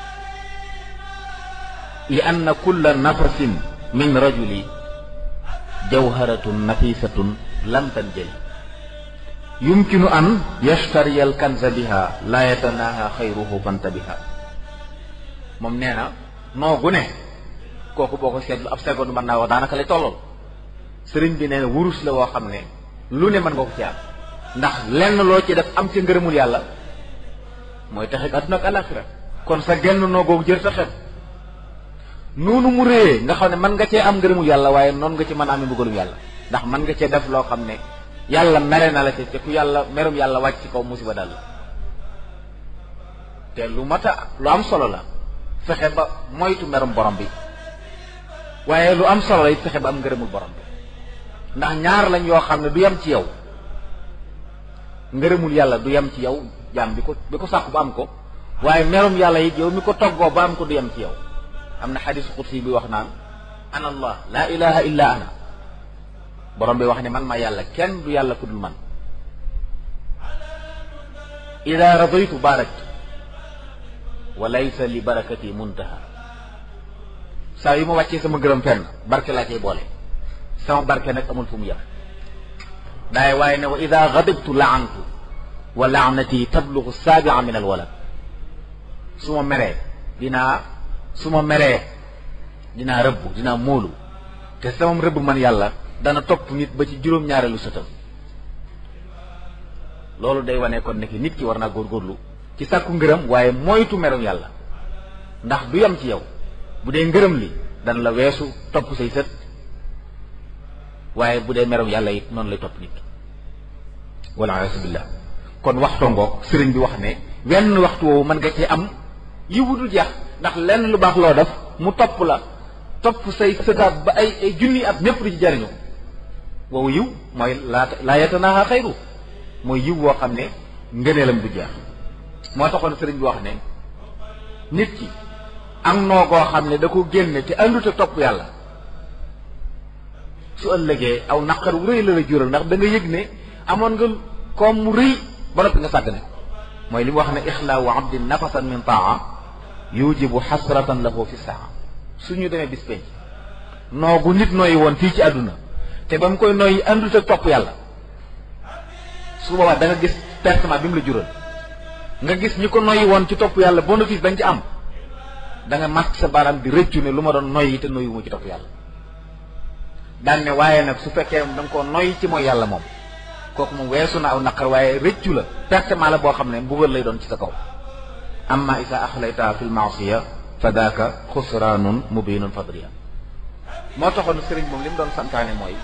li anna kulla nafasin min rajuli jawharatun nafisatun lam tanjali an yashtariya alkanza biha laa yatanaha xayruhu fantabiha moom nee na noo gu ne kooku boo ko seetlu ab seconde mën naa wax daanaka lay tollool sëriñ bi nee wurus la woo xam ne lu ne mën nga ko ci am ndax lenn loo ci def am ci ngërëmul yàlla mooy taxit àdduna ak alaxira kon sa genn noo googu jër sa xel noonu mu réyee nga xaw ne mën nga cee am ngërëmul yàlla waaye noonu nga ci mën a amee mbugalum yàlla ndax mën nga cee def loo xam ne yàlla mere na la ca ku yàlla merum yàlla wàcc ci kaw musiba dal la te lu mat a lu am solo la fexe ba moytu merum borom bi waaye lu am solo la it fexe ba am ngërëmul borom bi ndax ñaar lañ yoo xam ne du yem ci yow ngërëmul yàlla du yem ci yow jaam bi ko bi ko sàkku bu am ko waaye merum yàlla it yow mi ko toggoo ba am ko du yem ci yow am na xadis xudsi bi wax naan ana allah laa ilaha illa ana borom bi wax ne man ma yàlla kenn du yàlla ku dul man ida radaytu baraktu wa laysa li barakati muntaha saa yu ma wàccee sama ngërëm fenn barke laa cay boole sama barke nag amul fu mu yem daay waaye ne wa ida gadibtu laantu wa laanati tablugu saabia min alwalad su ma meree dinaa su ma meree dinaa rëbb dinaa móolu te sama rëbb man yàlla dana topp nit ba ci juróom-ñaareelu sëtam loolu day wane kon nekk nit ki war naa góorlu ci sàkku ngërëm waaye moytu merum yàlla ndax du yam ci yow bu dee ngërëm li dana la weesu topp say sët waaye bu dee meram yàlla it noonu lay topp nit walla billah kon waxtoo ngoog sëriñ bi wax ne wenn waxtu woowu mën nga cee am yi du jeex ndax lenn lu baax loo def mu topp la topp say sëtaat ba ay ay junni at ñëpp di ci jariñu woowu yiw mooy laa laa yatanaaha xayru mooy yiw woo xam ne ngëneelam du jeex moo taxoon sëriñ bi wax ne nit ki am noo koo xam ne da ko génne te andute topp yàlla su ëllëgee aw naqar wu rëy la la jural ndax da nga yëg ne amoon nga koom mu rëy ba noppi nga sàgg ne mooy li mu wax ne ixlaawu abdin nafasan min taa yujibu xasratan lahu fi saa suñu demee bis penc noogu nit nooyi woon fii ci àdduna te ba mu koy nooyi àndut ak topp yàlla su boobaa da nga gis pertement bi mu la jural nga gis ñi ko noyyi woon ci topp yàlla bénéfice dañ ci am da nga màcc sa baaraam di rëccu ne lu ma doon noyyi te noyyi mu ci topp yàlla daan waaye nag su fekkee da nga koo noy ci mooy yàlla moom kooku moom weesu na aw naqar waaye rëccu la pertement la boo xam ne mbugal lay doon ci sa kaw amma isa axlayta fi lmaasiya fa daaka xusraanun mubinun fadriya moo taxoon sëriñ moom li mu doon santaane mooy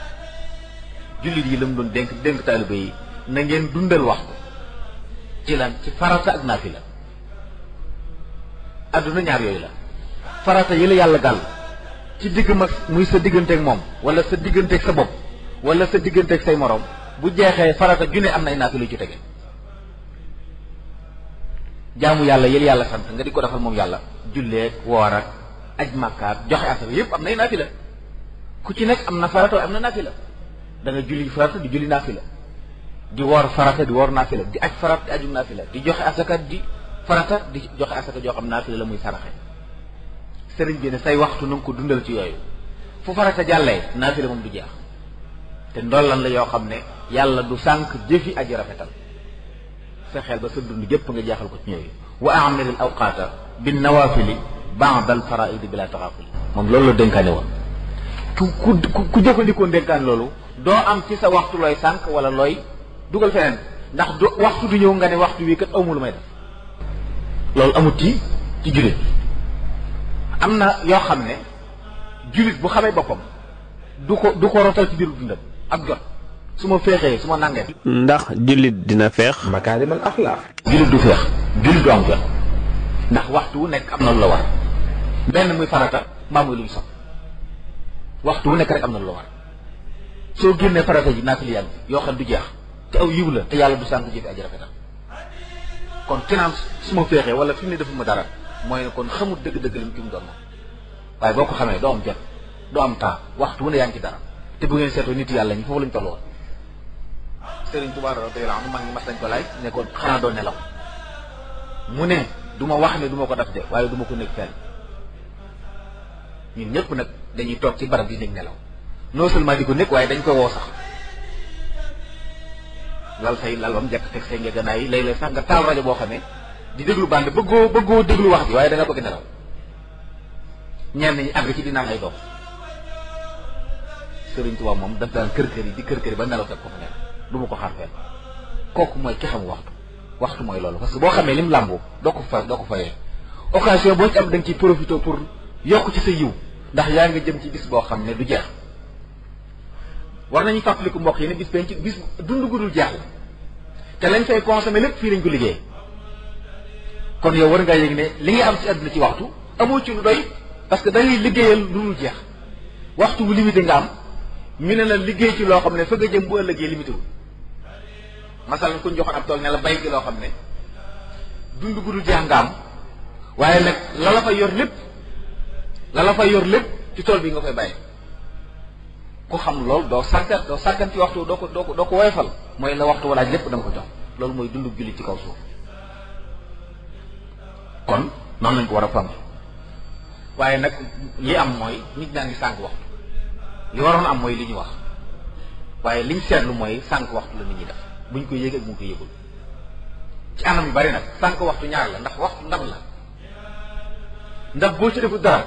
jullit yi la mu doon dénk dénk taalibe yi na ngeen dundal waxtu ci lan ci farata ak naafi la adduna ñaar yooyu la farata yi la yàlla gàll ci digg mag muy sa digganteeg moom wala sa digganteeg sa bopp wala sa digganteeg say morom bu jeexee farata junne am na ay naafila ci tege jaamu yàlla yël yàlla sant nga di ko defal moom yàlla julleeg woor ak aj màkkaat joxe asaka yëpp am na ay naafila ku ci nekk am na farata am na naafila da nga julli farata di julli naafila di woor farata di woor naafila di aj farata di aju naafila di joxe asaka di farata di joxe asaka joo xam naafila la muy saraxe sëriñ bi ne say waxtu na ko dundal ci yooyu fu farata jàllee naafila moom du jeex te ndollan la yoo xam ne yàlla du sànq jëfi aji rafetal fexeel ba sa dund gépp nga jeexal ko ci ñooyu wa amil al awqaata bin nawafili ba'da al bi bila taxaafuli moom loolu la dénkaane woon ku ku ku jëfandikoo dénkaan loolu doo am ci sa waxtu looy sànq wala looy dugal feneen ndax du waxtu du ñëw nga ne waxtu wi kat amul may def loolu amut ci ci jullit am na yoo xam ne jullit bu xamee boppam du ko du ko rotal ci biiru dundam ak jot su ma féexee su ma nangee. ndax jullit dina feex. makaarimal axlaaq. jullit du feex jullit du am jot ndax waxtu wu nekk am na lu la war benn muy farata mbaa muy lu ñu sopp waxtu wu nekk rek am na lu la war soo génnee farata ji naafila yaa ngi yoo xam du jeex te aw yiw la te yàlla du sànq jëfe aji rafetal kon kenaan su ma féexee wala fi mu ne defuma dara. mooy ne kon xamul dëgg-dëgg lim ki mu doon waaye boo ko xamee doo am jot doo am temps waxtu wu ne yaa ngi ci dara te bu ngeen seetoo nit yàlla ñi foofu lañ toll woon Serigne Touba radiyallahu anhu mag ko laaj ne ko xanaa ne du ma wax ne du ma ko def waaye du ko nekk fenn ñun nag dañuy toog ci barab yi nekk nelaw non seulement waaye dañ koy woo say lal bam jekk teg say ngeganaay léeg-léeg sax nga taal rajo boo xamee di déglu bande bëggoo bëggoo déglu wax ji waaye da bëgg nelaw ñenn ñi àgg ci di naan ay doom Sëriñ Tuubaa moom daf daan kër kër yi di kër kër ba nelaw fekk ko fa nekk du ma ko xaar fenn kooku mooy ki xam waxtu waxtu mooy loolu parce que boo xamee lim làmboo doo ko fa doo ko fayee occasion boo ci am da nga ciy profité pour yokk ci sa yiw ndax yaa nga jëm ci bis boo xam ne du jeex war nañu fàttaliku mbokk yi ne bis benn ci bis dund gudul jeex la te lañ fay consommé lépp fii lañ ko liggéey kon yow war ngaa yëg ne li nga am ci àdduna ci waxtu amoo ci lu doy parce que dañuy liggéeyal lu dul jeex waxtu bu limité nga am mu ne la liggéey ci loo xam ne fa jëm bu ëllëgee limité wu masalan ku ñu ab tool ne la bay gi loo xam ne dund gu jeex nga am waaye nag la la fa yor lépp la la fa yor lépp ci tool bi nga koy bay ku xam loolu doo sàggan doo sàggan ci waxtu doo ko doo ko doo ko woyofal mooy na waxtu walaaj lépp da nga ko jox loolu mooy dund julli kon noonu lañ ko war a fonk waaye nag li am mooy nit ñaa ngi sànq waxtu li waroon am mooy li ñu wax waaye liñ seetlu mooy sànq waxtu la nit ñi def buñ ko yëg ak buñ ko yëgul ci anam yu bari nag sànq waxtu ñaar la ndax waxtu ndab la ndab boo ci defu dara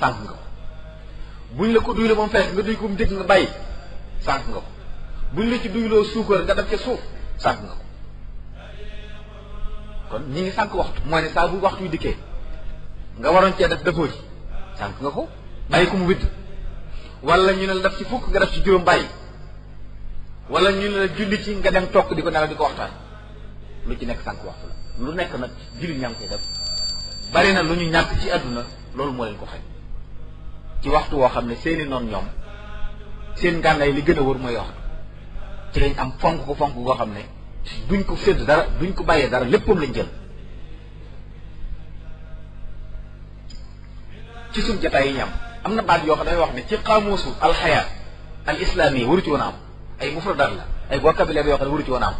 sànq nga ko buñ la ko duy la moom fees nga duy ko mu dégg nga bàyyi sànq nga ko buñ la ci duyloo suukar nga def ca suuf sànq ko kon ñi ngi sànq waxtu mooy ne saabu waxtu yu dikkee nga waroon cee def defoo ci sànq nga ko bàyyi ko mu witt wala ñu ne la def ci fukk nga def ci juróom bàyyi walla ñu ne la julli ci nga dem toog di ko nelaw di ko waxtaan lu ci nekk sànq waxtu la lu nekk nag julli ñaa koy def bari na lu ñu ñàkk ci àdduna loolu moo leen ko xañ ci waxtu woo xam ne seeni noon ñoom seen ngànnaay li gën a wër mooy waxtu ci lañ am fonk ko fonk goo xam ne duñ ko sédd dara duñ ko bàyyee dara léppam lañ jël ci suñ jataay yi ñam am na baat yoo xam ne wax ne ci xaamuusu alxayaa al islaami waru ci won am ay mufradat la ay vocabulaire yoo xam ne waru ci woon am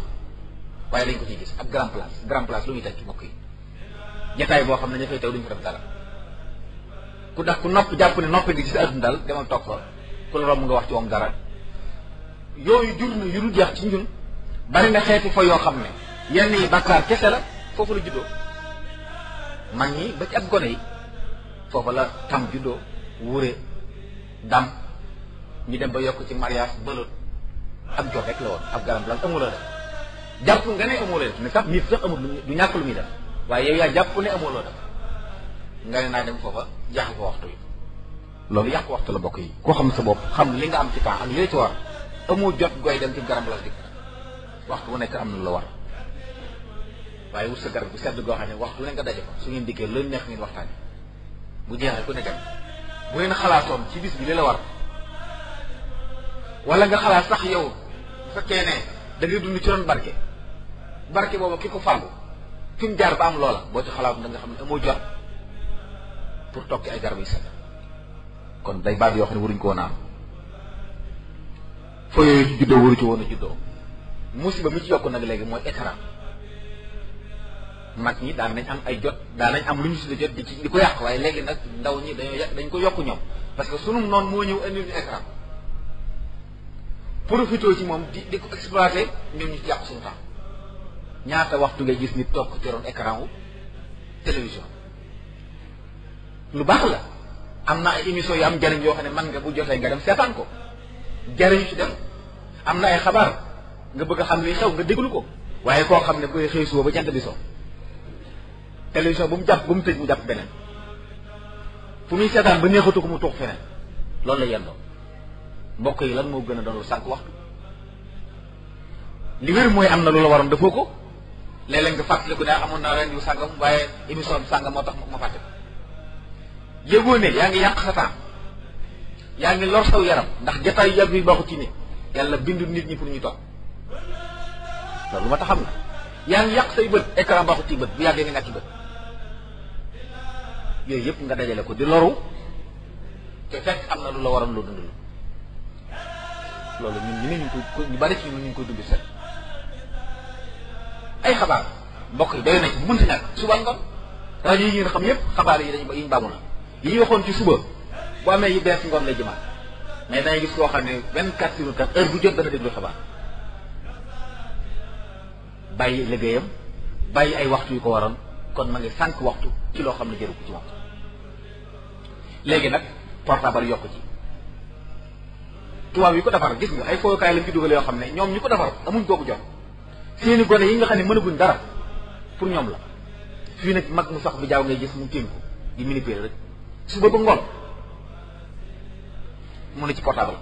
waaye dañ ko ciy gis ab grand place grand place lu muy tekki mbokk yi jataay boo xam ne ña fay teew duñ fa def dara ku ndax ku nopp jàpp ne noppi nga gis àdduna daal demal toog xool ku la romb nga wax ci moom dara yooyu jur na yu dul jeex ci ñun bari na xeeti fo yoo xam ne yenn yi bàkkaar kese la foofu la juddoo mag ñi ba ci ab gone yi foofu la tam juddoo wure dam ñu dem ba yokk ci mariage bëlot ak jox rek la woon ab garam lan amula def jàpp nga ne amuloo def sax nit sax amul du ñàkk lu muy def waaye yow yaa jàpp ne nga ne naa dem foofa jaaxal ko waxtu yi loolu yàq waxtu la bokk yi koo xam sa bopp xam li nga am ci temps ak yooyu ci war amoo jot goy dem ci garam la di waxtu wu nekk am na la war waaye wut sa garab bu sedd goo xam ne waxtu wu nekk nga daje ko su ngeen dikkee lu neex ngeen waxtaan bu jeexee ku nekk bu ngeen xalaatoon ci bis bi li la war wala nga xalaat sax yow bu fekkee ne dund ci doon barke barke boobu ki ko fàllu fi jaar ba am loola boo ci xalaat da nga xam ne amoo jot pour tokki ay garab yu sedd kon day baat yoo xam ne waruñ koo naan fa yooyu juddoo waru ci woon a juddoo musiba mi ci yokk nag léegi mooy écran mag ñi daan nañ am ay jot daan nañ am lu ñu si jot di ci di ko yàq waaye léegi nag ndaw ñi dañoo yàq dañ ko yokk ñoom parce que sunu noon moo ñëw indi ñu écran profité ci moom di di ko exploité ñoom ñu ci yàq suñu temps ñaata waxtu ngay gis nit toog ci ron écran wu télévision lu baax la am na ay émission yu am jariñ yoo xam ne man nga bu jotee nga dem seetaan ko jariñu ci dem am na ay xabaar nga bëgg a xam luy xew nga déglu ko waaye koo xam ne koy xëy suba ba jant bi so télévision bu mu jàpp bu mu tëj mu jàpp beneen fu muy seetaan ba neexatu ko mu tuux feneen loolu la yendoo mbokk yi lan moo gën a doon lu sànq waxtu li mooy am na lu la waroon defoo ko léeg-léeg nga fàttaliku daa amoon naa ren yu sàngam waaye émission bi sàngam moo tax ma fàtte ko yëgoo ne yaa ngi yàq sa temps yaa ngi lor saw yaram ndax jataay yàgg yi baaxu ci ne yàlla bindu nit ñi pour ñu toog loolu ma taxam na yaa ngi yàq say bët écran baaxut ci bët bu yàggee nga ci bët yooyu yëpp nga dajale ko di loru te fekk am na lu la waroon loo dundal loolu ñun ñu ne ñu ngi koy ñu bari ci ñu ñu ngi koy dund set ay xabaar mbokk yi doy na ci bu mënti ñàkk suba ngoon rajo yi ngeen xam yëpp xabaar yi dañu yi ñu baamu la yi ñu waxoon ci suba bu amee yi bees ngoon lay jëmaat mais dangay gis koo xam ne vingt-quatre sur vingt-quatre heure bu jot dana déglu xabaar bàyyi liggéeyam bàyyi ay waxtu yu ko waroon kon ma ngi sànq waxtu ci loo xam ne jëru ko ci waxtu léegi nag portable yokk ci tubaab yi ko defar gis nga ay fookaay lañ ci dugal yoo xam ne ñoom ñu ko defar amuñ kooku jot seeni gone yi nga xam ne mën mënaguñ dara pour ñoom la fii nag mag mu sax bi jaaw ngay gis mu tiim ko di manipuler rek suba ba ngoon mu ne ci portable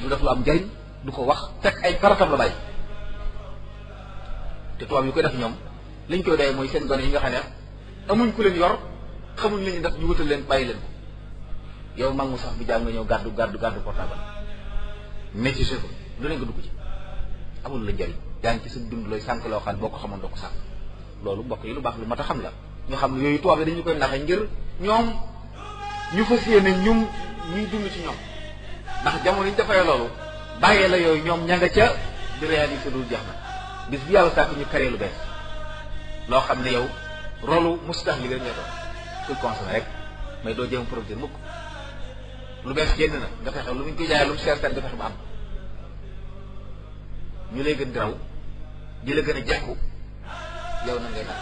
du def lu am njariñ du ko wax teg ay karatam la bàyyi te tubaab yi ko def ñoom lañ koy doy mooy seen gone yi nga xam ne amuñ ku leen yor xamuñ li ñu ñu wutal leen bàyyi leen ko yow mag mu sax bu jàng nga ñëw gàddu gàddu gàddu portable métier chef lu ne nga dugg ci amul la njëriñ daan ngi ci sa dund looy sànq loo xam ne boo ko xamoon doo ko sànq loolu bokk yi lu baax lu mat a xam la ñu xam ne yooyu tubaab yi dañu koy naxe ngir ñoom ñu fas yéene ñum ñuy dund ci ñoom ndax jamono yi ñu defee loolu bàyyee la yooyu ñoom ña nga ca di réaliser dul jeex bis bu yàlla sàkk ñu créé lu bees loo xam ne yow rolu mustahlik rek nga doon kuy consommer rek mais doo jéem produire mukk lu bees génn na nga fexe lu mu ko jaay lu mu seer seer nga fexe ba am ñu lay gën di raw di la gën a jekku yow na ngay naan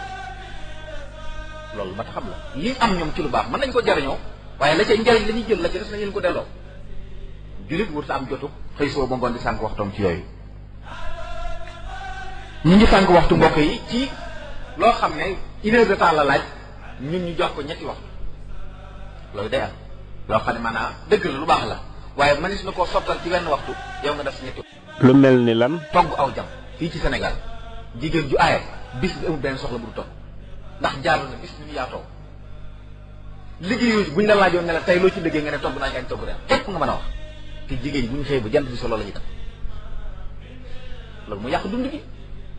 loolu ma xam la li am ñoom ci lu baax mën nañ ko jariñoo waaye la ca njariñ la ñuy jël la ca des nañ leen ko delloo jullit wur sa am jotu xëy soo ba ngoon di sànq waxtoom ci yooyu ñu ngi tànk waxtu mbokk yi ci loo xam ne une heure la laaj ñun ñu jox ko ñetti waxtu loolu day loo xam ne maanaam dëgg la lu baax la waaye manis na koo sottal ci wenn waxtu yow nga def si ñetti lu mel ni lan. togg aw jam fii ci senegal jigéen ju aaye bis bi amul benn soxla bu du togg ndax jaar na bis bi ñu yaatoo liggéey yooyu buñ la laajoon ne la tey loo ci liggéey nga ne togg naa ñu añ togg reer képp nga mën a wax te jigéen ñi bu ñu xëyee bi solo la yàq dund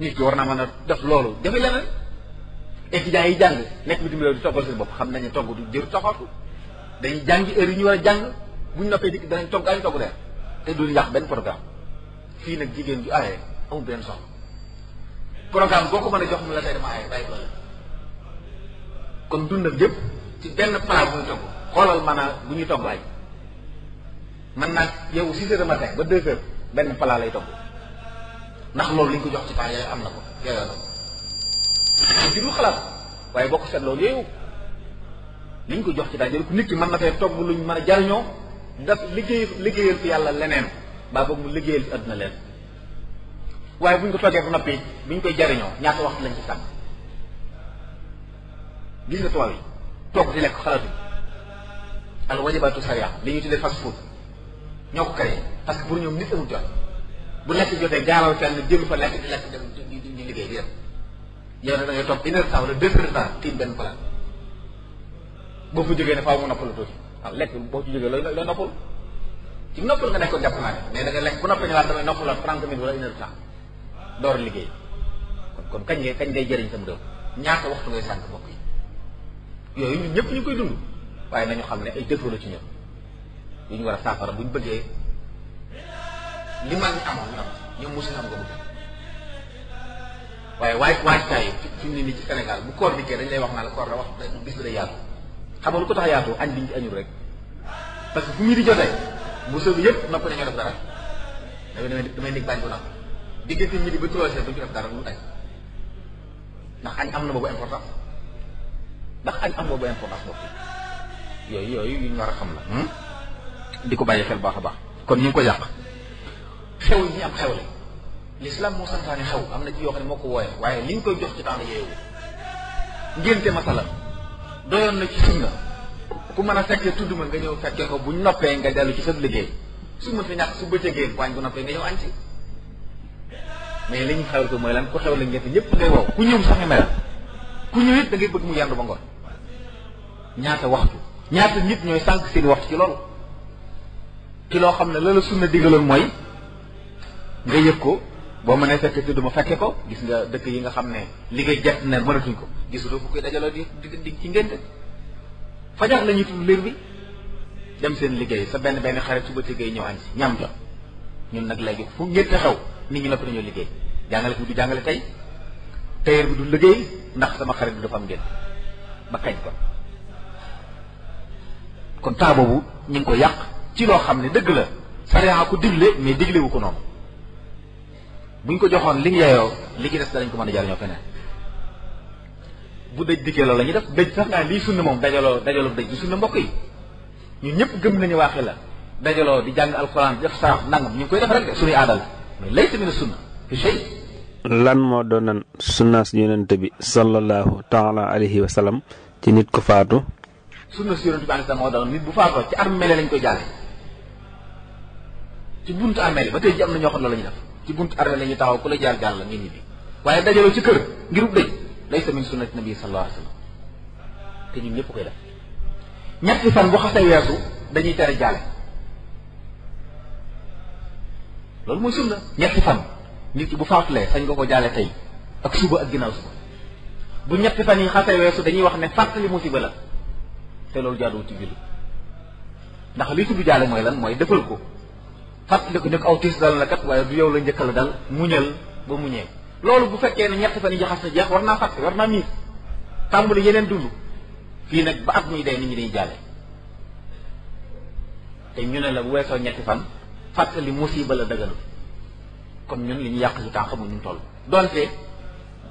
nit ki war naa mën a def loolu dafay leneen étudiants yi jàng nekk bitim réew di toggal seen bopp xam nañu ne togg du jër toxatu dañuy jàngi heure yi ñu war a jàng bu ñu noppee dikk danañ togg añ togg reer te duñu yàq benn programme fii nag jigéen ju aaye amul benn soxla programme boo ko mën a jox mu la tey dama aaye bàyyi ko kon dund gépp ci benn plat bu ñu togg xoolal maanaam bu ñuy togg añ man nag yow six heures du matin ba deux heures benn plat lay togg ndax loolu li ñu ko jox ci temps am na ko jurul xalaat waaye boo ko seetloo léew li ñu ko jox ci temps yooyu nit ki mën na fee togg lu ñu mën a jariñoo daf liggéey liggéeyal fi yàlla leneen baa boog mu liggéeyal fi àdduna leen waaye bu ñu ko toggee ba noppi bi ñu koy jariñoo ñaata waxtu lañ ci sàmm gis nga tubaab yi togg di lekk xalaatuñ al wajibaatu sariya li ñu tuddee fast food ñoo ko créé parce que pour ñoom nit amul bu lekk jotee gaawal fenn jël fa lekk di lekk dem di di liggéey di dem yow nag da ngay toog une heure temps wala deux heures boo fa jógee ne faaw mu noppalu tuuti waaw lekk boo ci jógee looy looy noppal ci noppal nga nekkoon jàpp naa ne mais da nga lekk bu noppee ñëwaat damay noppalaat trente minutes wala door liggéey kon kañ ngay kañ ngay jëriñ sam réew ñaata waxtu ngay sànq mbokk yi yooyu ñun ñëpp ñu koy dund waaye nañu xam ne ay défaut la ci ñoom yu ñu war a saafara buñ bëggee li mag ñi amoon nga am ci Sénégal bu koor dikkee dañ lay wax naa la koor la wax bis ko tax añ biñ ci añul rek parce que fu muy di jotee bu sëb yëpp noppi dañoo def dara damay dara lu añ ndax am na boobu important ndax añ am boobu importance boobu yooyu yooyu yu ñu war a xam la. Hmm? di ko bàyyi xel baax a baax kon ñu ko yàq. xew yi ñu am xew la l'islam moo santaane xew am na ci yoo xam ne moo ko wooye waaye ñu koy jox ci temps yooyu ngénte masala doyoon na ci sunna ku mën a fekkee tudd ma nga ñëw fekkee ko buñ noppee nga dellu ci sa liggéey su ma fi ñàkk su bëccëgee waañ bu noppee nga ñëw añ ci mais li ñu xewal ko mooy lan ku xew la ngénte ñëpp ngay wow ku ñëw sax nga mel ku ñëw it bëgg mu yandu ba ngoon ñaata waxtu ñaata nit ñooy sànq seen waxtu ci lool ci loo xam ne la la sunna digaloon mooy nga yëg ko boo mënee fekk si du ma fekke ko gis nga dëkk yi nga xam ne liggéey jett na mënatuñ ko gisutoo ko koy dajaloo di di ci ngénte fajar la ñuy tudd léegi dem seen liggéey sa benn benn xarit suba liggéey ñëw añ si ñam jot ñun nag léegi fu ngénte xew nit ñi noppi nañoo liggéey jàngale bi du jàngale tey tailleur bi du liggéey ndax sama xarit bi dafa am ngénte ba kañ ko kon taa boobu ñu ngi ko yàq ci loo xam ne dëgg la sariya ko digle mais digle ko noonu buñ ko joxoon li yeyoo li ci des danañ ko mën a jariñoo feneen bu dëj dikkee loolu la def dëj sax naa lii sunna moom dajaloo dajaloo dëj du sunna mbokk yi ñun ñëpp gëm nañu waaxi la dajaloo di jàng alxuraan def sarax nangam ñu ngi koy def rek de suñuy aada la mais laysa mina sunna fi shay bi sallallahu taala alayhi wa sallam ci nit ko faatu sunnaas yonente bi alayhi salaam moo doon nit bu faatoo ci armeel lañ koy jàlle ci buntu armeel ba tey ji am na ñoo xam loolu la ci buntu armée la ñuy taxaw ku la jaar jàll la nga ñibbi waaye dajaloo ci kër ngir dëj laysa min sunnati nabi sallallahu alayhi wasallam te ñun ñëpp koy def ñetti fan bu xasee weesu dañuy tere jaale loolu mooy sunna ñetti fan nit ki bu faatulee sañ nga ko jaale tey ak suba ak ginnaaw suba bu ñetti fan yi xasee weesu dañuy wax ne fàttali musiba la te loolu jaaduwul ci julli ndax li tudd jaale mooy lan mooy defal ko fàttaliku ne aw tiis dal la kat waaye du yow la njëkk la dal muñal ba muñee loolu bu fekkee ne ñetti fan yi jaxas na jeex war naa fàtte war naa miir tàmbali yeneen dundu fii nag ba at muy dee nit ñi day jàlle te ñu ne la bu weesoo ñetti fan fàttali musiba la daganu kon ñun li ñu yàq ci temps xamul ñu toll donte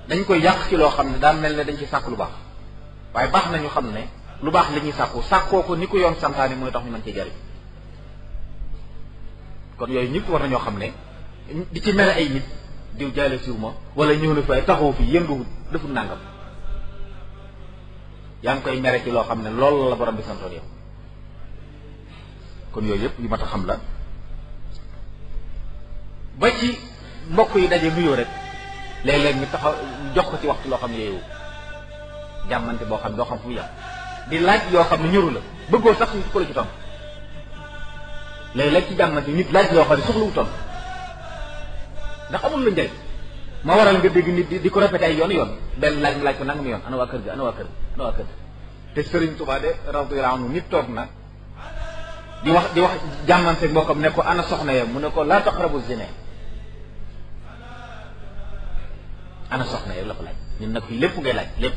dañ koy yàq ci loo xam ne daan mel ne dañ ci sàkk lu baax waaye baax nañu xam ne lu baax li ñuy sàkku sàkkoo ko ni ko yoon santaane mooy tax ñu mën ci jariñ kon yooyu ñëpp war ñoo xam ne di ci mel ay nit diw jaale siw ma wala ñëw na fay taxaw fi yënduwul defu nangam yaa ngi koy mere ci loo xam ne loolu la borom bi santoon kon yooyu yëpp yu mat a xam la ba ci mbokk yi daje nuyoo rek léeg-léeg ñu taxaw jox ko ci waxtu loo xam ne yeewu jàmmante boo xam ne doo xam fu mu yàq di laaj yoo xam ne ñëru la bëggoo sax ko la ci tam léeg-léeg ci jàmmante nit laaj loo xam ne soxla wutoon ndax amul lu njëriñ ma waral nga dégg nit di ko répété ay yoon yoon benn laaj mu laaj ko nangam yoon ana waa kër gi ana waa kër gi te Serigne Touba de radiyallahu nit toog na di wax di wax jàmmante mbokkam ne ko ana soxna ya mu ne ko laa taqrabu zina ana soxna ya la ko laaj ñun nag lépp ngay laaj lépp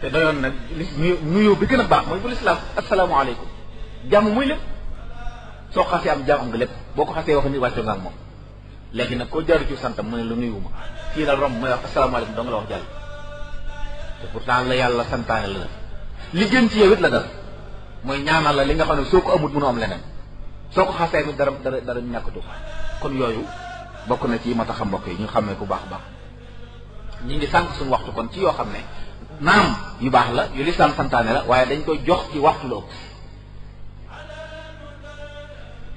te doyoon nag nuyu nuyu bi gën a baax mooy bu lislaam asalaamaaleykum jàmm muy lépp soo xasee am jàmm nga lépp boo ko xasee wax ni wàcce nga ak moom léegi nag koo jaru ci santam mu ne la nuyuwuma kii la romb mooy wax asalaamaaleykum dong la wax jàll te pourtant la yàlla santaane la def li gën ci yow it la def mooy ñaanal la li nga xam ne soo ko amut mënu am leneen soo ko xasee mi dara dara dara ñàkkatu kon yooyu bokk na ci mat tax xam mbokk yi ñu xamee ku baax baax ñu ngi sànq suñu waxtu kon ci yoo xam ne naam yu baax la yu lislaam santaane la waaye dañ koy jox ci waxtu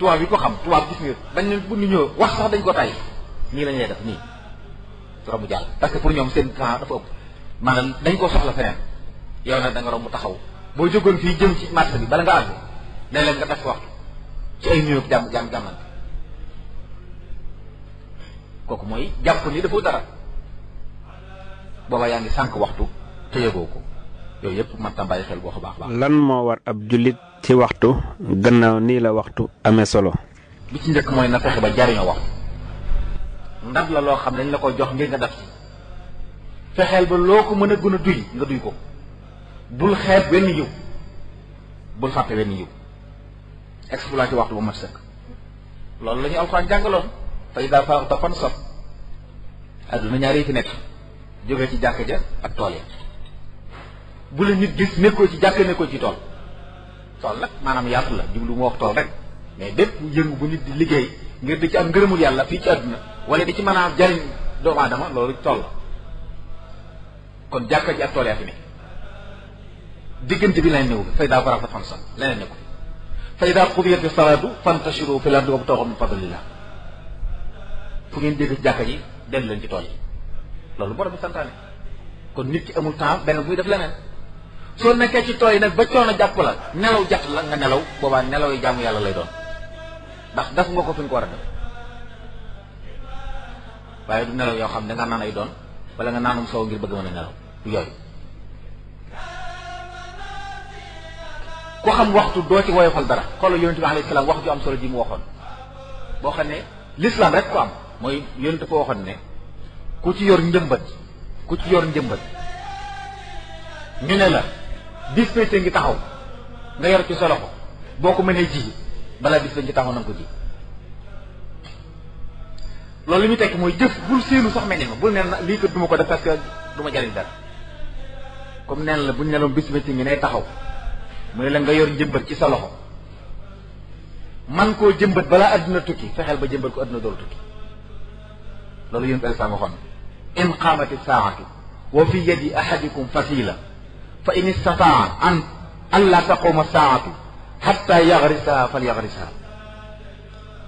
tubaab yi ko xam tubaab gis nga dañ ne bu ñu ñëw wax sax dañ ko tay nii lañ lay def nii romb jàll parce que pour ñoom seen temps dafa ëpp maanaam dañ koo soxla feneen yow nag da nga romb taxaw boo jógoon fii jëm ci marché bi bala nga àgg ne nga def waxtu ci ay kooku mooy jàpp ni dafa dara booba yaa ngi sànq waxtu te yëgoo ko yooyu yëpp man tam bàyyi xel boo ko baax baax lan moo war ab jullit ci waxtu gannaaw nii la waxtu amee solo. bi ci njëkk mooy na fexe ba jariñoo waxtu ndab la loo xam ne dañ la ko jox ngir nga def ci fexeel ba loo ko mën a gën a duy nga duy ko bul xeeb wenn yiw bul fàtte wenn yiw exploité waxtu bu mat sëkk loolu lañuy ñu alxuraan jàngaloon tey daa faaw ta fan sob adduna ñaari yi fi nekk jógee ci jàkk ja ak tool ya bu la nit gis nekkoo ci jàkk nekkoo ci tool tool nag maanaam yaatu la jublu mu wax tool rek mais bépp yëngu bu nit di liggéey ngir di ci am ngërëmul yàlla fii ci àdduna wala di ci mën a jariñ doomu adama loolu tool la kon jàkka ji ak tool yaa fi diggante bi leneen néew fa idaa faraxta fansa leneen ne ko fa idaa qudiyati salaatu fantashiru fil ardi wabtaxu min fadlillah fu ngeen dégg ci jàkka ji dellu leen ci tool yi loolu borom bi kon nit ki amul temps benn bu muy def soo nekkee ci tool yi nag ba coono jàpp la nelaw jàpp la nga nelaw boobaa nelaw yi jaamu yàlla lay doon ndax def nga ko fi nga ko war a def waaye du nelaw yoo xam ne nga naan ay doon wala nga naanum soow ngir bëgg mën a nelaw yooyu ku xam waxtu doo ci woyofal dara xoolal yonent bi alayhi salaam wax ju am solo ji mu waxoon boo xam ne l'islam rek ko am mooy yonent ko waxoon ne ku ci yor njëmbat ku ci yor njëmbat ñu ne la bis pété ngi taxaw nga yor ci sa loxo boo ko mënee ji balaa bis pété ngi taxaw na ko ji loolu li muy tekki mooy jëf bul séenu sax meññe ma bul neen lii ko duma ko def parce que du ma jariñ dara comme neen la buñ ne loon bis pété ngi ne taxaw mu ne la nga yor njëmbat ci sa loxo man koo jëmbët balaa adduna tukki fexeel ba jëmbat ko adduna dool tukki loolu yéen sa waxoon in qaamati saatu wa fi yadi ahadikum fasila fa in istataa an an sa taquuma saatu xatta yaxrisaha fal yaxrisaha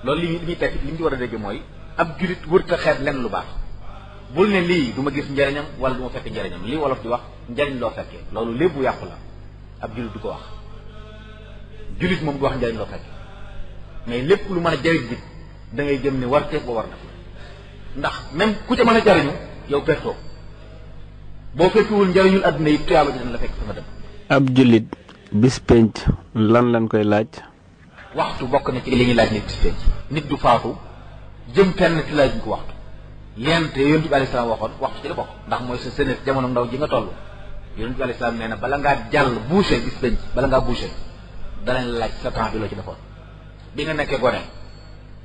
loolu li muy tekki li mu ci war a dégg mooy ab julit wërta xeet lenn lu baax bul ne lii du ma gis njariñam wala du ma fekk njariñam lii wolof di wax njariñ loo fekkee loolu lépp bu yàqu la ab julit du ko wax julit moom du wax njariñ loo fekkee mais lépp lu mën a jariñ bi da ngay jëm ne warteef ba war na fi ndax même ku ca mën a jariñu yow pertoo boo fekkiwul njëriñul àdduna yi tuyaaba ji dana la fekk dafa dem. ab jullit bis penc lan lañ koy laaj. waxtu bokk na ci li ñuy laaj nit bis penc nit du faatu jëm fenn ci laaj ñu ko waxtu leen te yonent bi alayhi salaam waxoon waxtu ci la bokk ndax mooy sa sëneet jamono ndaw ji nga toll yonent bi salaam nee na bala ngaa jàll boucher bis penc bala ngaa boucher danañ laaj sa temps bi loo ci defoon bi nga nekkee gone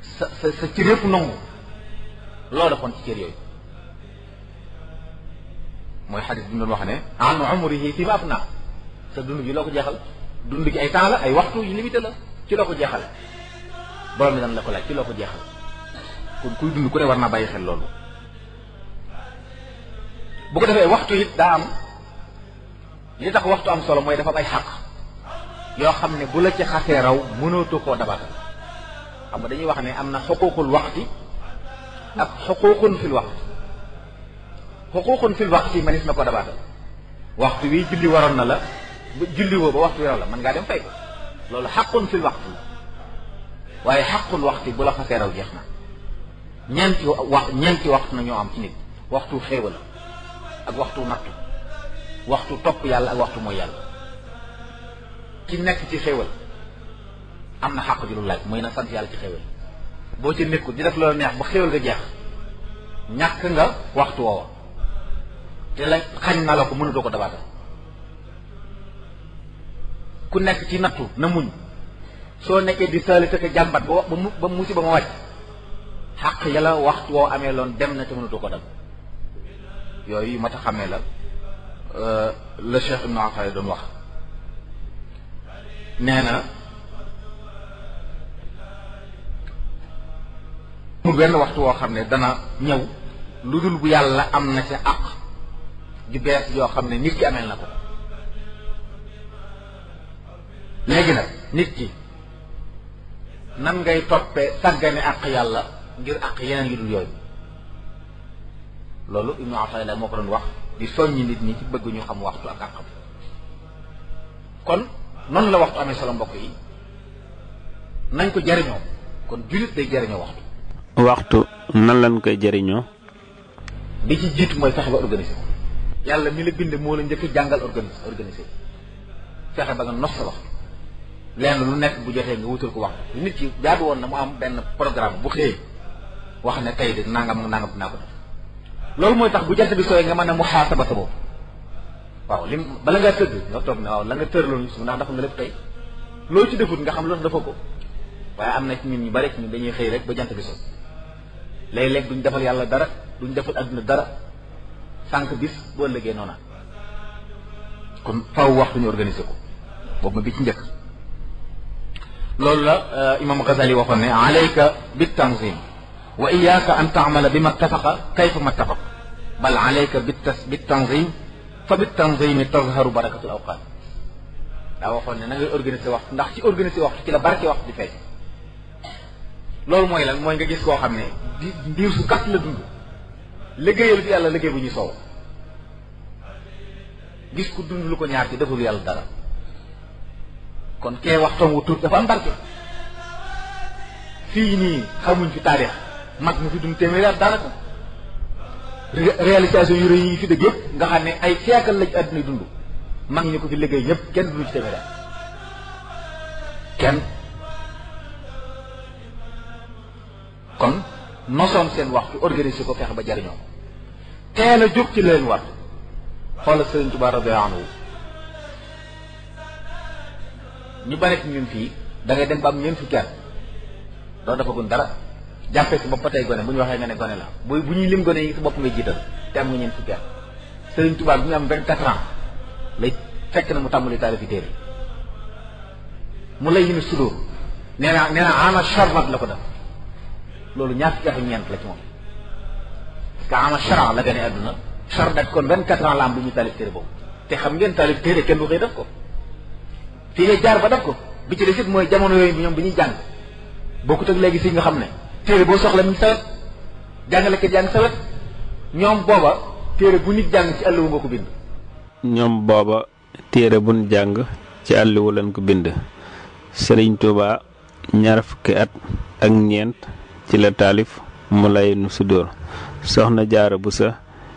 sa sa sa cër yëpp nangu loo defoon ci cër yooyu. mooy xadis bi mu doon wax ne an umrihi fi ma afna sa dund gi loo ko jeexal dund gi ay temps la ay waxtu yu limité la ci loo ko jeexal borom bi nan la ko laaj ci loo ko jeexal kon kuy dund ku war naa bàyyi xel loolu bu ko defee waxtu daa am li tax waxtu am solo mooy dafa ay xaq yoo xam ne bu la ci raw mënootoo koo dabaatal xam nga dañuy wax ne am na xuquuqul waxti ak xuquuqun fil waxti xuququn fil waqti manis na ko dabaatal waxtu wi julli waroon na la julli woo ba waxtu wi waroon la mën ngaa dem fay ko loolu xaqun fil waqti la waaye xaqul waxti bu la xasee raw jeex na ñeenti wax ñeenti waxtu na ñoo am ci nit waxtu xéewal ak waxtu nattu waxtu topp yàlla ak waxtu mooy yàlla ci nekk ci xéewal am na xaq ju lu laaj mooy na sant yàlla ci xéewal boo ci nekkul di def loolu neex ba xéewal nga jeex ñàkk nga waxtu woowa te la xañ na la ko mënutoo ko ku nekk ci nattu na muñ soo nekkee di saali tëkk jàmbat ba wax ba mu ba musi ba ma wàcc xàq waxtu woo amee loon dem na te mënutoo ko dal yooyu yu mat xamee la euh, la Cheikh Ibn Afay doon wax nee na mu benn waxtu woo xam ne dana ñëw lu dul bu yàlla am na ci àq ju bees yoo xam ne nit ki amee na ko léegi nag nit ki nan ngay toppee sàggane àq yàlla ngir àq yeneen yu dul yooyu loolu Ibnu Atayla moo ko doon wax di soññi nit ñi ci bëgg ñu xam waxtu ak àqam kon noonu la waxtu amee solo mbokk yi nañ ko jariñoo kon jullit day jariñoo waxtu waxtu nan lañ koy jariñoo bi ci jiitu mooy fexe ba organiser yàlla mi la bind moo la njëkk jàngal organi organisé fexe ba nga nos sa waxtu lenn lu nekk bu joxee nga wutal ko wax nit ki jaadu woon na mu am benn programme bu xëyee wax ne tey de nangam nangam dinaa ko def loolu mooy tax bu jant bi sooyee nga mën a muhaasaba sa bopp waaw lim bala ngaa tëdd nga toog ne waaw la nga tëraloon su ndax dafa nga lépp tey loolu ci defut nga xam lu tax dafa ko waaye am na ci ñu bari ci ñun dañuy xëy rek ba jant bi so léeg-léeg duñ yàlla dara duñ defal adduna dara sànq bis boo ëllëgee noona kon faw waxtu ñu organiser ko boobu ma bi ci njëkk loolu la euh, imam Ghazali waxoon ne alayka bi tanzim wa iyaaka an taamala bi ma tafaqa kayfa ma tafaqa bal alayka bi tas bi tanzim fa bi tanzimi tazharu barakatul awqaat daa waxoon ne na ngay organiser waxtu ndax ci organiser waxtu ci la barke waxtu di feeñ loolu mooy lan mooy nga gis koo xam ne di diir su gàtt la dund liggéeyal fi yàlla liggéey bu ñuy soow gis ku dund lu ko ñaar ci deful yàlla dara kon kay wax wu tuut dafa am barke fii nii xamuñ fi taarix mag mu fi dund téeméeri at daanaka réalisation yu rëy yi fi dëgg yëpp nga xam ne ay siècle la ci àdduna dund mag ñi ko fi liggéey ñépp kenn dund ci téeméeri at kenn kon nosoon seen wax waxtu organiser ko fexe ba jariñoo ko teel a jóg ci leen war xoolal Sëriñ Tuubaa radiyallaahu anhu ñu bare ci ñun fii dangay dem ba am ñeent fukki at doo defagun dara jàppee si bopp ba gone bu ñu waxee nga ne gone la bu bu ñuy lim gone yi si bopp ngay jiital te am nga ñeent fukki at Sëriñ Tuubaa bi ñu am vingt-quatre ans lay fekk na mu tàmbali taalifi téere mu lay yinu sudóor nee naa nee naa ana charmat la ko def loolu ñaar fukki at ak ñeent la ci moom parce que ama chara la gane àdduna char daj kon vingt quatre ans la am bu ñu taalif téere boobu te xam ngeen taalif téere kenn du xëy def ko fii lay jaar ba def ko bi ci des mooy jamono yooyu ñoom bi ñuy jàng bokkut ak léegi si nga xam ne téere boo soxla mi sawet jàngalekat yaa ngi sawet ñoom booba téere bu nit jàng ci àll wu ko bind ñoom booba téere bu ñu jàng ci àll lañ ko bind Sëriñ Tuubaa ñaar fukki at ak ñeent ci la taalif mu lay nu sudóor soxna bu sa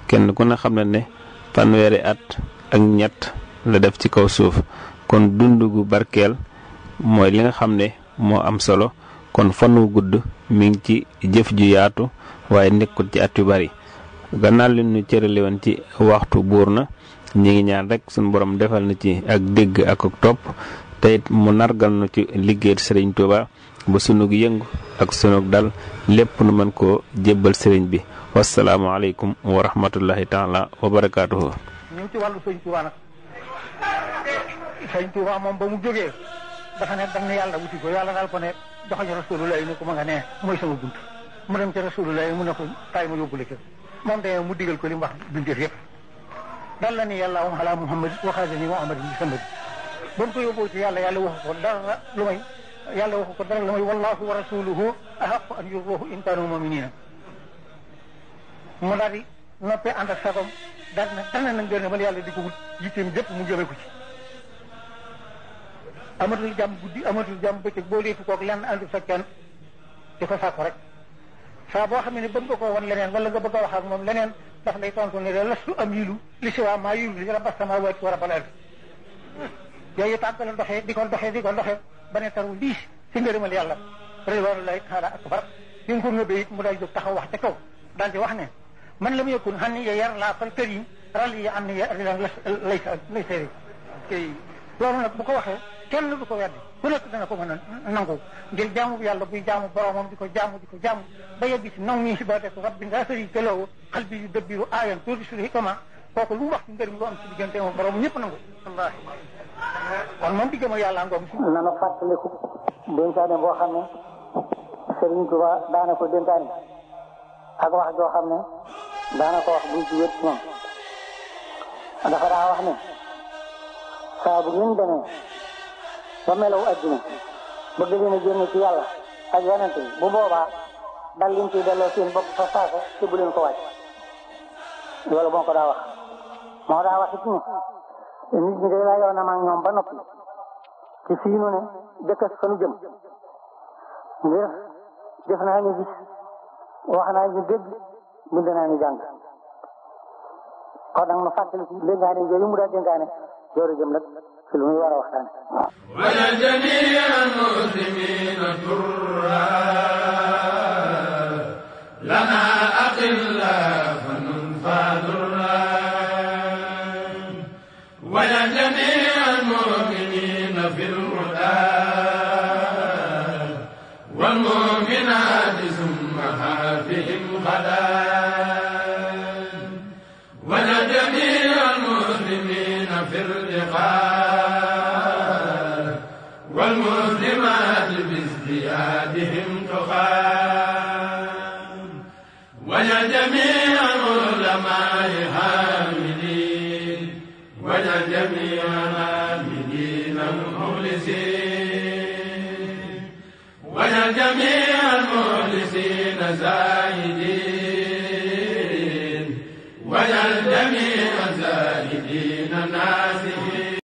kenn ku na xam na ne fanweeri at ak ñett la def ci kaw suuf kon dund gu barkeel mooy li nga xam ne moo am solo kon fan gudd mi ngi ci jëf ju yaatu waaye nekkul ci at yu bari gannaaw li ñu cërale woon ci waxtu buur na ñi ngi ñaan rekk suñu borom defal na ci ak dégg ak ak topp te mu nargal na ci liggéey Sëriñ Tuuba ba sunug yëngu ak sunug dal lépp nu mën koo jébbal sëriñ bi wasalaamaaleykum wa rahmatullahi taala wa barakaatuhu. ñu ci wàllu sëñ Tuubaa nag sëñ Tuubaa moom ba mu jógee dafa ne dañ ne yàlla wuti ko yàlla daal ko ne joxoñ rasulullahi ni ko ma nga nee mooy sama bunt mu dem ci rasulullahi mu ne ko taay ma yóbbu la ca moom de mu digal ko li mu wax bindir yëpp dal la ni yàlla um ala muhammad waxaale ni muhammad bi ba mu ko yóbboo ci yàlla yàlla wax ko dara la mooy wallahu wa rasuluhu ahaqu an yurruhu in kaanu muminina mu daal di noppee ànd ak sagom daal na dana na ngërëmal yàlla di ko wut yitteem jëpp mu jëme ko ci amatul jàmm guddi amatul jàmm bëccëg boo leetu koog lenn àndu sa kenn ko sàkku rek saa boo xam ne bëgg nga koo wan leneen wala nga bëgg wax ak moom leneen dax lay tontu ne de lastu am li si waa maa yilu li rabas samaawaati wa rabbal ard yooyu tànk di ko doxee di ko doxee ba ne taru lii ci ngërëmal yàlla ridwanullahi taala akbar bi nguur nga béy mu daal jóg taxaw wax ca kaw daal wax ne man la mu yëkkun xam ni yar laa fal kër yi ral yi am ni ridan lay lay seeri kay loolu nag bu ko waxee kenn du ko weddi ku nekk dana ko mën a nangu ngir jaamu bu yàlla buy jaamu boromam di ko jaamu di ko jaamu si naw mi si ba def rabbi ndaa sëri gëloowu xal bi yu dëbbiru aayan tuuti suri hikama kooku lu mu wax ci ngërëm lu am ci diggante moom borom ñëpp nangu wallahi kon moom di jëmo yàlla ngoog si nana fàttaliku dénkaane boo xam ne Sëriñ Tuba daana ko dénkaane ak wax joo xam ne daana ko wax buñ ci wét moom dafa daa wax ne saa bu ngeen demee ba melaw adduna bëgg leen a génn ci yàlla ak yonent bi bu boobaa dal liñ ciy delloo seen bopp fa saasa te bu leen ko wàcc loolu moo ko daa wax moo daa wax it ne nit ñi na ma ñoom ba noppi ci fii mu ne dëkkas fa nu naa ni gis wax naa ñu dégg bind naa ñu jàng kon nag mu daal dénkaane dooru jëm nag ci lu muy war a waxtaane wala jamii'a muslimina turra جميع المهلسين زاد